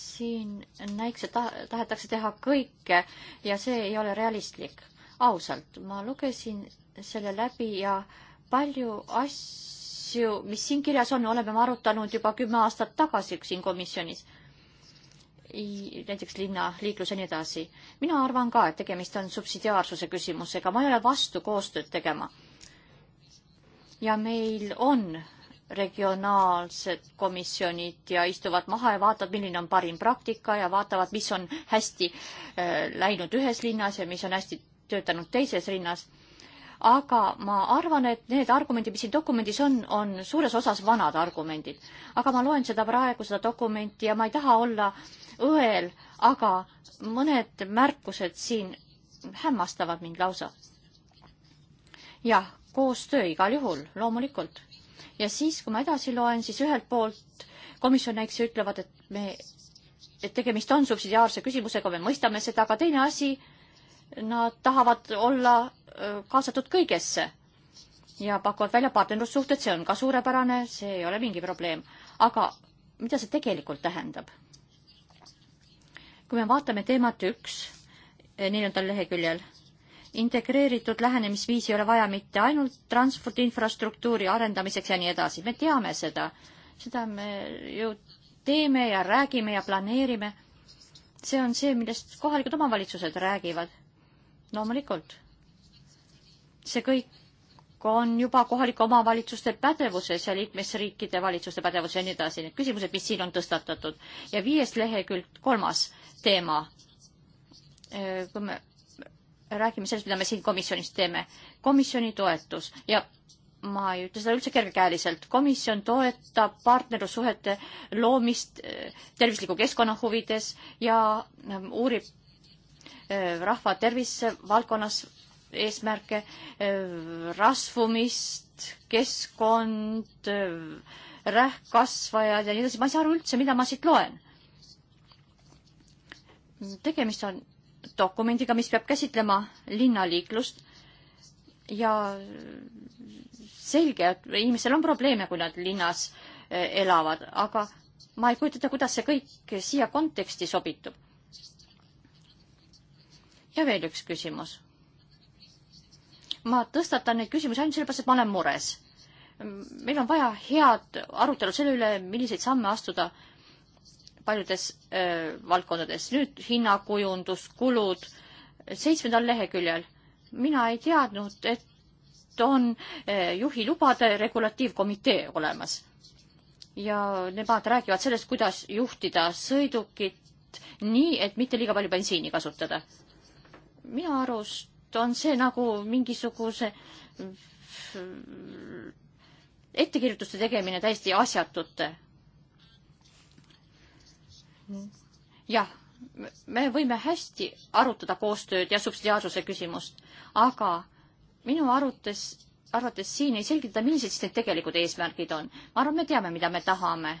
siin näikse ta-, tahetakse teha kõike ja see ei ole realistlik. ausalt, ma lugesin selle läbi ja palju asju, mis siin kirjas on, oleme me arutanud juba kümme aastat tagasi siin komisjonis. näiteks linna liiklus ja nii edasi. mina arvan ka, et tegemist on subsidiaarsuse küsimusega, ma ei ole vastu koostööd tegema. ja meil on regionaalsed komisjonid ja istuvad maha ja vaatavad, milline on parim praktika ja vaatavad, mis on hästi äh, läinud ühes linnas ja mis on hästi töötanud teises linnas. aga ma arvan, et need argumendid, mis siin dokumendis on, on suures osas vanad argumendid. aga ma loen seda praegu, seda dokumenti ja ma ei taha olla õel, aga mõned märkused siin hämmastavad mind lausa. jah, koostöö igal juhul, loomulikult ja siis, kui ma edasi loen, siis ühelt poolt komisjon näiteks ütlevad, et me, et tegemist on subsidiaarse küsimusega, me mõistame seda, aga teine asi, nad tahavad olla kaasatud kõigesse ja pakuvad välja partnerlussuhted, see on ka suurepärane, see ei ole mingi probleem. aga mida see tegelikult tähendab? kui me vaatame teemat üks neljandal leheküljel integreeritud lähenemisviisi ei ole vaja mitte ainult transpordi infrastruktuuri arendamiseks ja nii edasi, me teame seda, seda me ju teeme ja räägime ja planeerime. see on see, millest kohalikud omavalitsused räägivad. loomulikult. see kõik on juba kohalike omavalitsuste pädevuses ja liikmesriikide valitsuste pädevuses ja nii edasi, need küsimused, mis siin on tõstatatud. ja viies lehekülg, kolmas teema. kui me räägime sellest, mida me siin komisjonis teeme. komisjoni toetus ja ma ei ütle seda üldse kergekäeliselt. komisjon toetab partnerlussuhete loomist eh, tervisliku keskkonna huvides ja eh, uurib eh, rahva tervise valdkonnas eesmärke, rasvumist, keskkond, rähkkasvajad ja nii edasi. ma ei saa aru üldse, mida ma siit loen. tegemist on dokumendiga, mis peab käsitlema linnaliiklust ja selge, et inimestel on probleeme, kui nad linnas eh, elavad, aga ma ei kujuta ette, kuidas see kõik siia konteksti sobitub. ja veel üks küsimus. ma tõstatan neid küsimusi ainult sellepärast, et ma olen mures. meil on vaja head arutelu selle üle, milliseid samme astuda paljudes öö, valdkondades. nüüd hinnakujundus, kulud, seitsmendal leheküljel. mina ei teadnud, et on öö, juhilubade regulatiivkomitee olemas. ja nemad räägivad sellest, kuidas juhtida sõidukit nii, et mitte liiga palju bensiini kasutada. minu arust on see nagu mingisuguse ettekirjutuste tegemine täiesti asjatute jah, me võime hästi arutada koostööd ja subsidiaarsuse küsimust, aga minu arvates, arvates siin ei selgita, millised siis need tegelikud eesmärgid on. ma arvan, me teame, mida me tahame.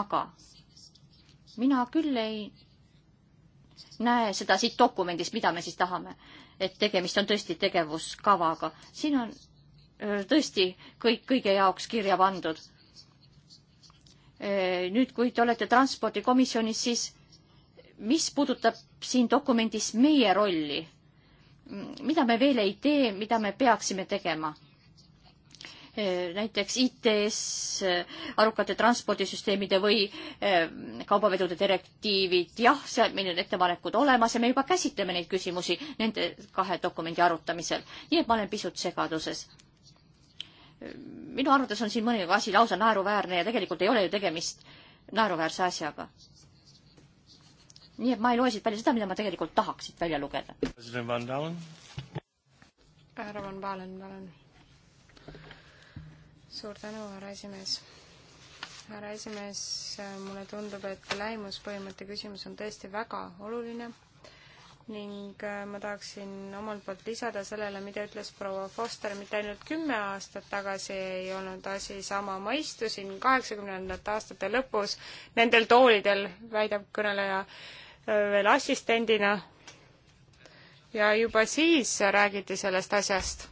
aga mina küll ei näe seda siit dokumendist, mida me siis tahame. et tegemist on tõesti tegevuskavaga. siin on äh, tõesti kõik kõige jaoks kirja pandud Äh, nüüd, kui te olete transpordikomisjonis, siis mis puudutab siin dokumendis meie rolli? mida me veel ei tee, mida me peaksime tegema? Äh, näiteks ITS, äh, arukate transpordisüsteemide või kaubavedude direktiivid, jah, seal meil on ettepanekud olemas ja me juba käsitleme neid küsimusi nende kahe dokumendi arutamisel. nii et ma olen pisut segaduses minu arvates on siin mõningaga asi lausa naeruväärne ja tegelikult ei ole ju tegemist naeruväärse asjaga. nii et ma ei loe siit välja seda, mida ma tegelikult tahaks siit välja lugeda. härra Van Balen, palun. suur tänu, härra esimees härra esimees, mulle tundub, et läimuspõhimõtte küsimus on tõesti väga oluline ning äh, ma tahaksin omalt poolt lisada sellele, mida ütles proua Foster, mitte ainult kümme aastat tagasi ei olnud asi sama, ma istusin kaheksakümnendate aastate lõpus nendel toolidel, väidab kõneleja äh, veel assistendina, ja juba siis räägiti sellest asjast.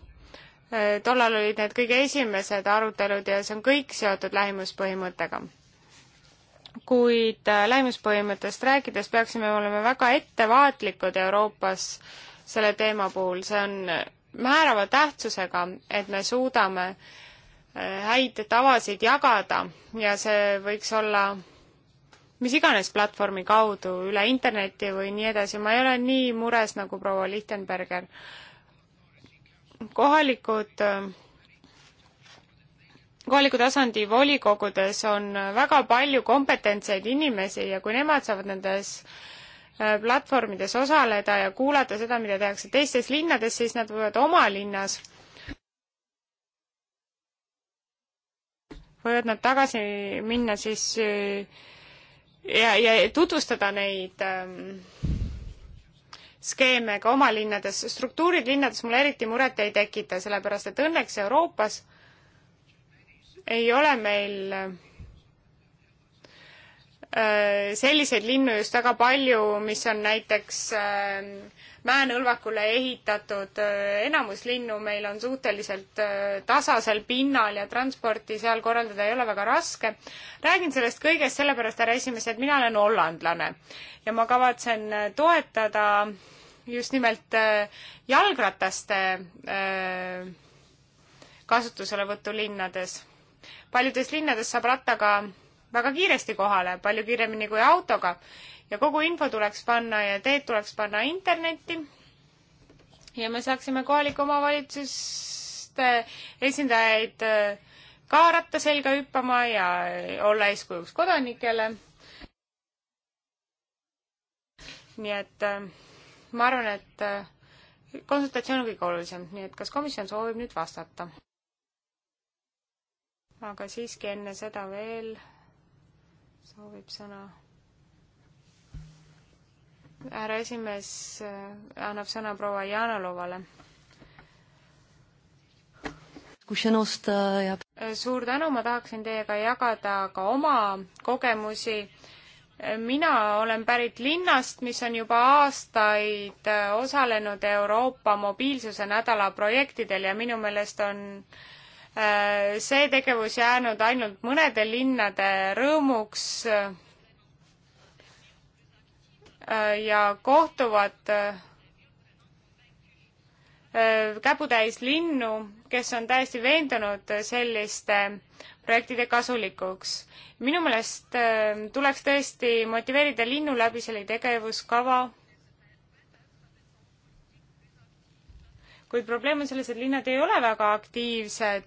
Äh, tollal olid need kõige esimesed arutelud ja see on kõik seotud lähimuspõhimõttega kuid äh, lähimuspõhimõttest rääkides peaksime olema väga ettevaatlikud Euroopas selle teema puhul, see on määrava tähtsusega, et me suudame äh, häid tavasid jagada ja see võiks olla mis iganes platvormi kaudu, üle interneti või nii edasi, ma ei ole nii mures nagu proua Lichtenberger. kohalikud äh, kohaliku tasandi volikogudes on väga palju kompetentseid inimesi ja kui nemad saavad nendes äh, platvormides osaleda ja kuulata seda, mida tehakse teistes linnades, siis nad võivad oma linnas võivad nad tagasi minna siis äh, ja, ja tutvustada neid ähm, skeeme ka oma linnades. struktuurid linnades mulle eriti muret ei tekita, sellepärast et õnneks Euroopas äh, ei ole meil äh, selliseid linnu just väga palju, mis on näiteks äh, mäenõlvakule ehitatud, äh, enamus linnu meil on suhteliselt tasasel pinnal ja transporti seal korraldada ei ole väga raske. räägin sellest kõigest sellepärast, härra esimees, et mina olen hollandlane ja ma kavatsen toetada just nimelt jalgrataste kasutuselevõttu linnades paljudes linnades saab rattaga väga kiiresti kohale, palju kiiremini kui autoga ja kogu info tuleks panna ja teed tuleks panna internetti. ja me saaksime kohalike omavalitsuste esindajaid äh, ka ratta selga hüppama ja äh, olla eeskujuks kodanikele. nii et äh, ma arvan, et konsultatsioon on kõige olulisem, nii et kas komisjon soovib nüüd vastata? aga siiski enne seda veel soovib sõna. härra esimees äh, annab sõna proua Janalovale. Äh, äh, suur tänu, ma tahaksin teiega jagada ka oma kogemusi mina olen pärit linnast, mis on juba aastaid osalenud Euroopa mobiilsuse nädala projektidel ja minu meelest on Äh, see tegevus jäänud ainult mõnede linnade rõõmuks äh, ja kohtuvad äh, käputäis linnu, kes on täiesti veendunud selliste projektide kasulikuks. minu meelest tuleks tõesti motiveerida linnu läbi selle tegevuskava. kuid probleem on selles, et linnad ei ole väga aktiivsed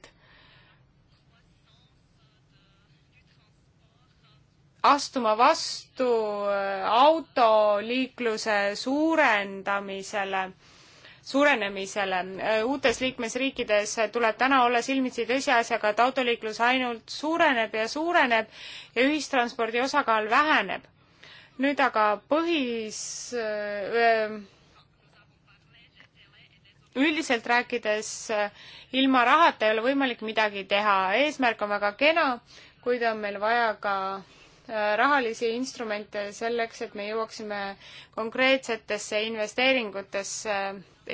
astuma vastu äh, autoliikluse suurendamisele, suurenemisele. Äh, uutes liikmesriikides tuleb täna olla silmitsi tõsiasjaga, et autoliiklus ainult suureneb ja suureneb ja ühistranspordi osakaal väheneb. nüüd aga põhis öö, äh, üldiselt rääkides ilma rahata ei ole võimalik midagi teha, eesmärk on väga kena, kuid on meil vaja ka rahalisi instrumente selleks, et me jõuaksime konkreetsetesse investeeringutesse,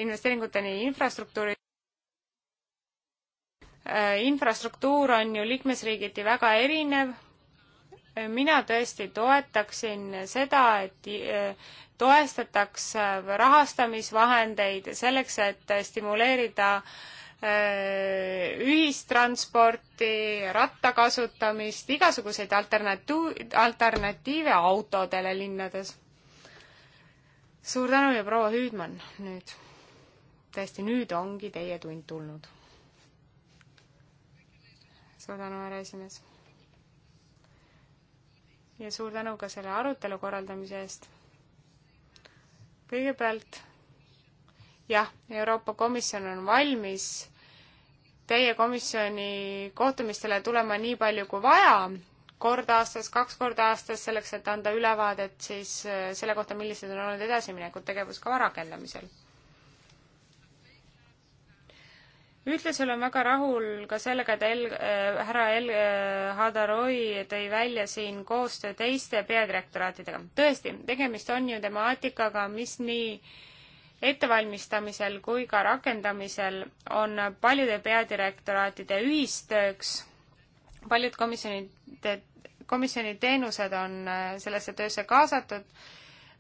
investeeringuteni infrastruktuuri. Äh, infrastruktuur on ju liikmesriigiti väga erinev. mina tõesti toetaksin seda, et äh, toestataks rahastamisvahendeid selleks, et stimuleerida äh, Äh, ühistransporti, ratta kasutamist, igasuguseid alternatiiv, alternatiive autodele linnades. suur tänu ja proua Hüüdmann nüüd. tõesti, nüüd ongi teie tund tulnud. suur tänu, härra esimees. ja suur tänu ka selle arutelu korraldamise eest. kõigepealt jah, Euroopa Komisjon on valmis teie komisjoni kohtumistele tulema nii palju kui vaja, kord aastas, kaks korda aastas, selleks et anda ülevaadet siis äh, selle kohta, millised on olnud edasiminekud tegevuskava rakendamisel. ühtlasi olen väga rahul ka sellega, et El- äh,, härra El- äh, Hadaroi tõi välja siin koostöö teiste peadirektoraatidega. tõesti, tegemist on ju temaatikaga, mis nii äh, ettevalmistamisel kui ka rakendamisel on paljude peadirektoraatide ühistööks, paljud komisjonid, komisjoni teenused on äh, sellesse töösse kaasatud,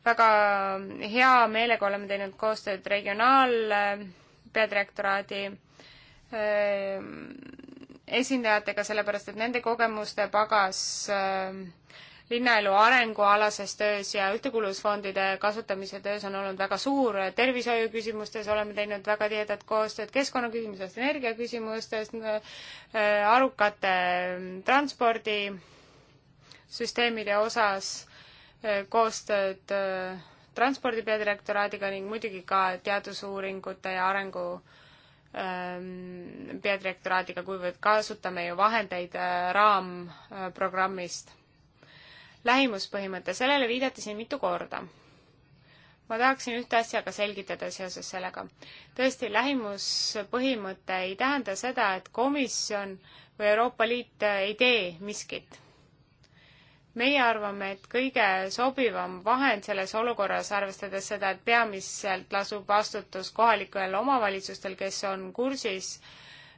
väga hea meelega oleme teinud koostööd regionaalpeadirektoraadi ähm, esindajatega, sellepärast et nende kogemuste pagas öö, ähm, linnaelu arengualases töös ja ühtekuuluvusfondide kasutamise töös on olnud väga suur. tervishoiuküsimustes oleme teinud väga tihedat koostööd, keskkonnaküsimustes, energiaküsimustes, äh, arukate mm, transpordisüsteemide osas äh, koostööd äh, transpordi peadirektoraadiga ning muidugi ka teadusuuringute ja arengu ähm, peadirektoraadiga, kuivõrd kasutame ju vahendeid raamprogrammist lähimuspõhimõte, sellele viidati siin mitu korda. ma tahaksin ühte asja ka selgitada seoses sellega. tõesti, lähimuspõhimõte ei tähenda seda, et komisjon või Euroopa Liit ei tee miskit. meie arvame, et kõige sobivam vahend selles olukorras, arvestades seda, et peamiselt lasub vastutus kohalikel omavalitsustel, kes on kursis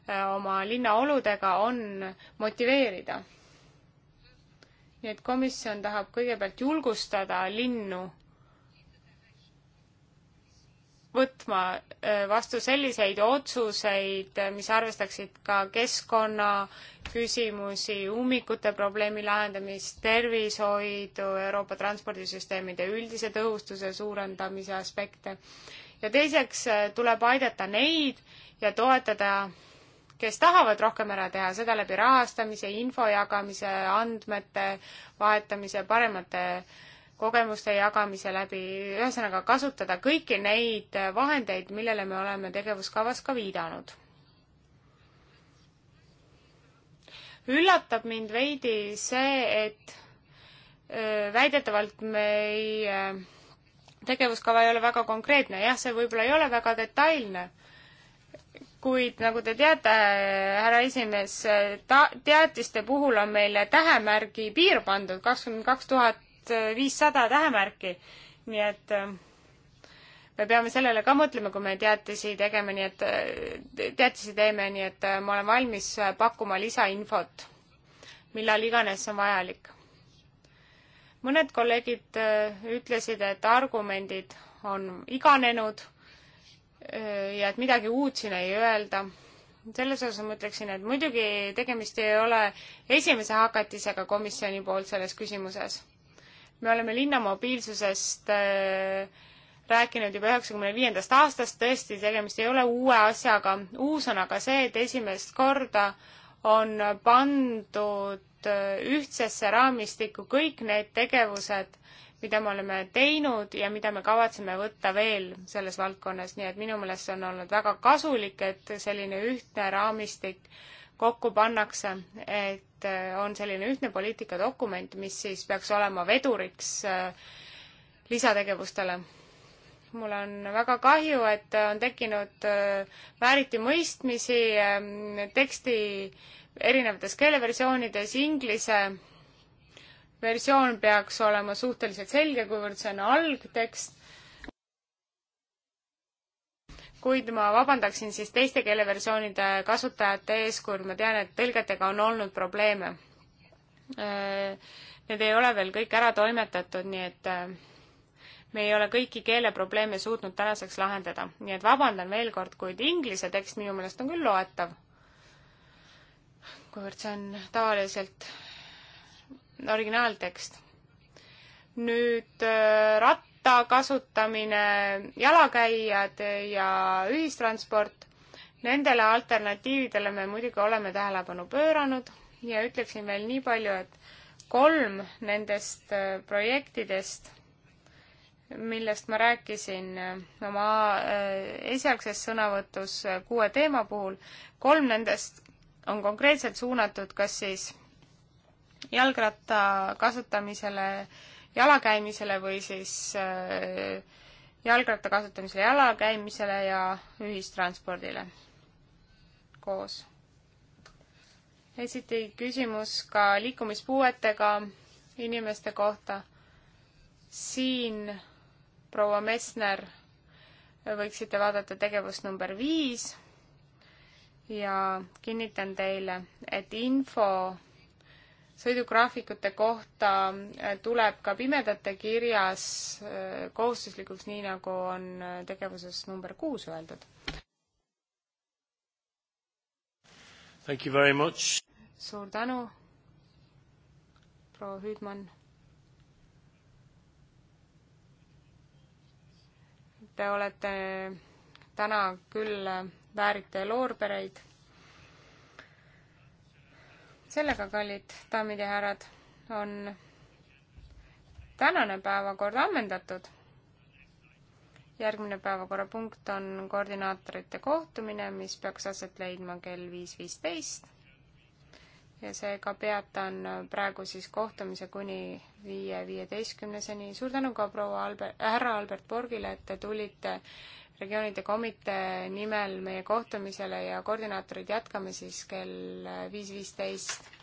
äh, oma linna oludega, on motiveerida nii et komisjon tahab kõigepealt julgustada linnu võtma äh, vastu selliseid otsuseid, äh, mis arvestaksid ka keskkonnaküsimusi, ummikute probleemi lahendamist, tervishoidu, Euroopa transpordisüsteemide üldise tõhustuse suurendamise aspekte. ja teiseks äh, tuleb aidata neid ja toetada kes tahavad rohkem ära teha, seda läbi rahastamise, info jagamise, andmete vahetamise, paremate kogemuste jagamise läbi, ühesõnaga kasutada kõiki neid vahendeid, millele me oleme tegevuskavas ka viidanud. üllatab mind veidi see, et väidetavalt meie tegevuskava ei ole väga konkreetne, jah, see võib-olla ei ole väga detailne kuid nagu te teate, härra esimees, ta-, teatiste puhul on meile tähemärgi piir pandud, kakskümmend kaks tuhat viissada tähemärki. nii et äh, me peame sellele ka mõtlema, kui me teatisi tegema, nii et, äh, teatisi teeme, nii et äh, ma olen valmis pakkuma lisainfot, millal iganes see on vajalik. mõned kolleegid ütlesid, et argumendid on iganenud Äh, ja et midagi uut siin ei öelda. selles osas ma ütleksin, et muidugi tegemist ei ole esimese hakatisega komisjoni poolt selles küsimuses. me oleme linna mobiilsusest äh, rääkinud juba üheksakümne viiendast aastast, tõesti, tegemist ei ole uue asjaga. uus on aga see, et esimest korda on pandud äh, ühtsesse raamistikku kõik need tegevused, mida me oleme teinud ja mida me kavatseme võtta veel selles valdkonnas, nii et minu meelest see on olnud väga kasulik, et selline ühtne raamistik kokku pannakse, et äh, on selline ühtne poliitikadokument, mis siis peaks olema veduriks äh, lisategevustele. mul on väga kahju, et äh, on tekkinud vääritimõistmisi ähm, teksti erinevates keeleversioonides inglise versioon peaks olema suhteliselt selge, kuivõrd see on algtekst. kuid ma vabandaksin siis teiste keeleversioonide kasutajate ees, kuivõrd ma tean, et tõlgetega on olnud probleeme. Äh, need ei ole veel kõik ära toimetatud, nii et äh, me ei ole kõiki keeleprobleeme suutnud tänaseks lahendada, nii et vabandan veel kord, kuid inglise tekst minu meelest on küll loetav. kuivõrd see on tavaliselt originaaltekst. nüüd äh, ratta kasutamine, jalakäijad ja ühistransport, nendele alternatiividele me muidugi oleme tähelepanu pööranud ja ütleksin veel nii palju, et kolm nendest äh, projektidest, millest ma rääkisin äh, oma esialgses sõnavõtus kuue teema puhul, kolm nendest on konkreetselt suunatud kas siis jalgratta kasutamisele, jalakäimisele või siis äh, jalgratta kasutamisele, jalakäimisele ja ühistranspordile koos. esiti küsimus ka liikumispuuetega inimeste kohta. siin proua Messner, võiksite vaadata tegevust number viis ja kinnitan teile, et info sõidugraafikute kohta äh, tuleb ka pimedate kirjas äh, kohustuslikuks, nii nagu on äh, tegevuses number kuus öeldud. Thank you very much. suur tänu, proua Hüüdmann. Te olete täna küll väärite loorbereid sellega, kallid daamid ja härrad, on tänane päevakord ammendatud. järgmine päevakorrapunkt on koordinaatorite kohtumine, mis peaks aset leidma kell viis viisteist. ja seega peatan praegu siis kohtumise kuni viie viieteistkümneseni. suur tänu ka proua Albert, härra Albert Borgile, et te tulite regioonide komitee nimel meie kohtumisele ja koordinaatorid jätkame siis kell viis viisteist.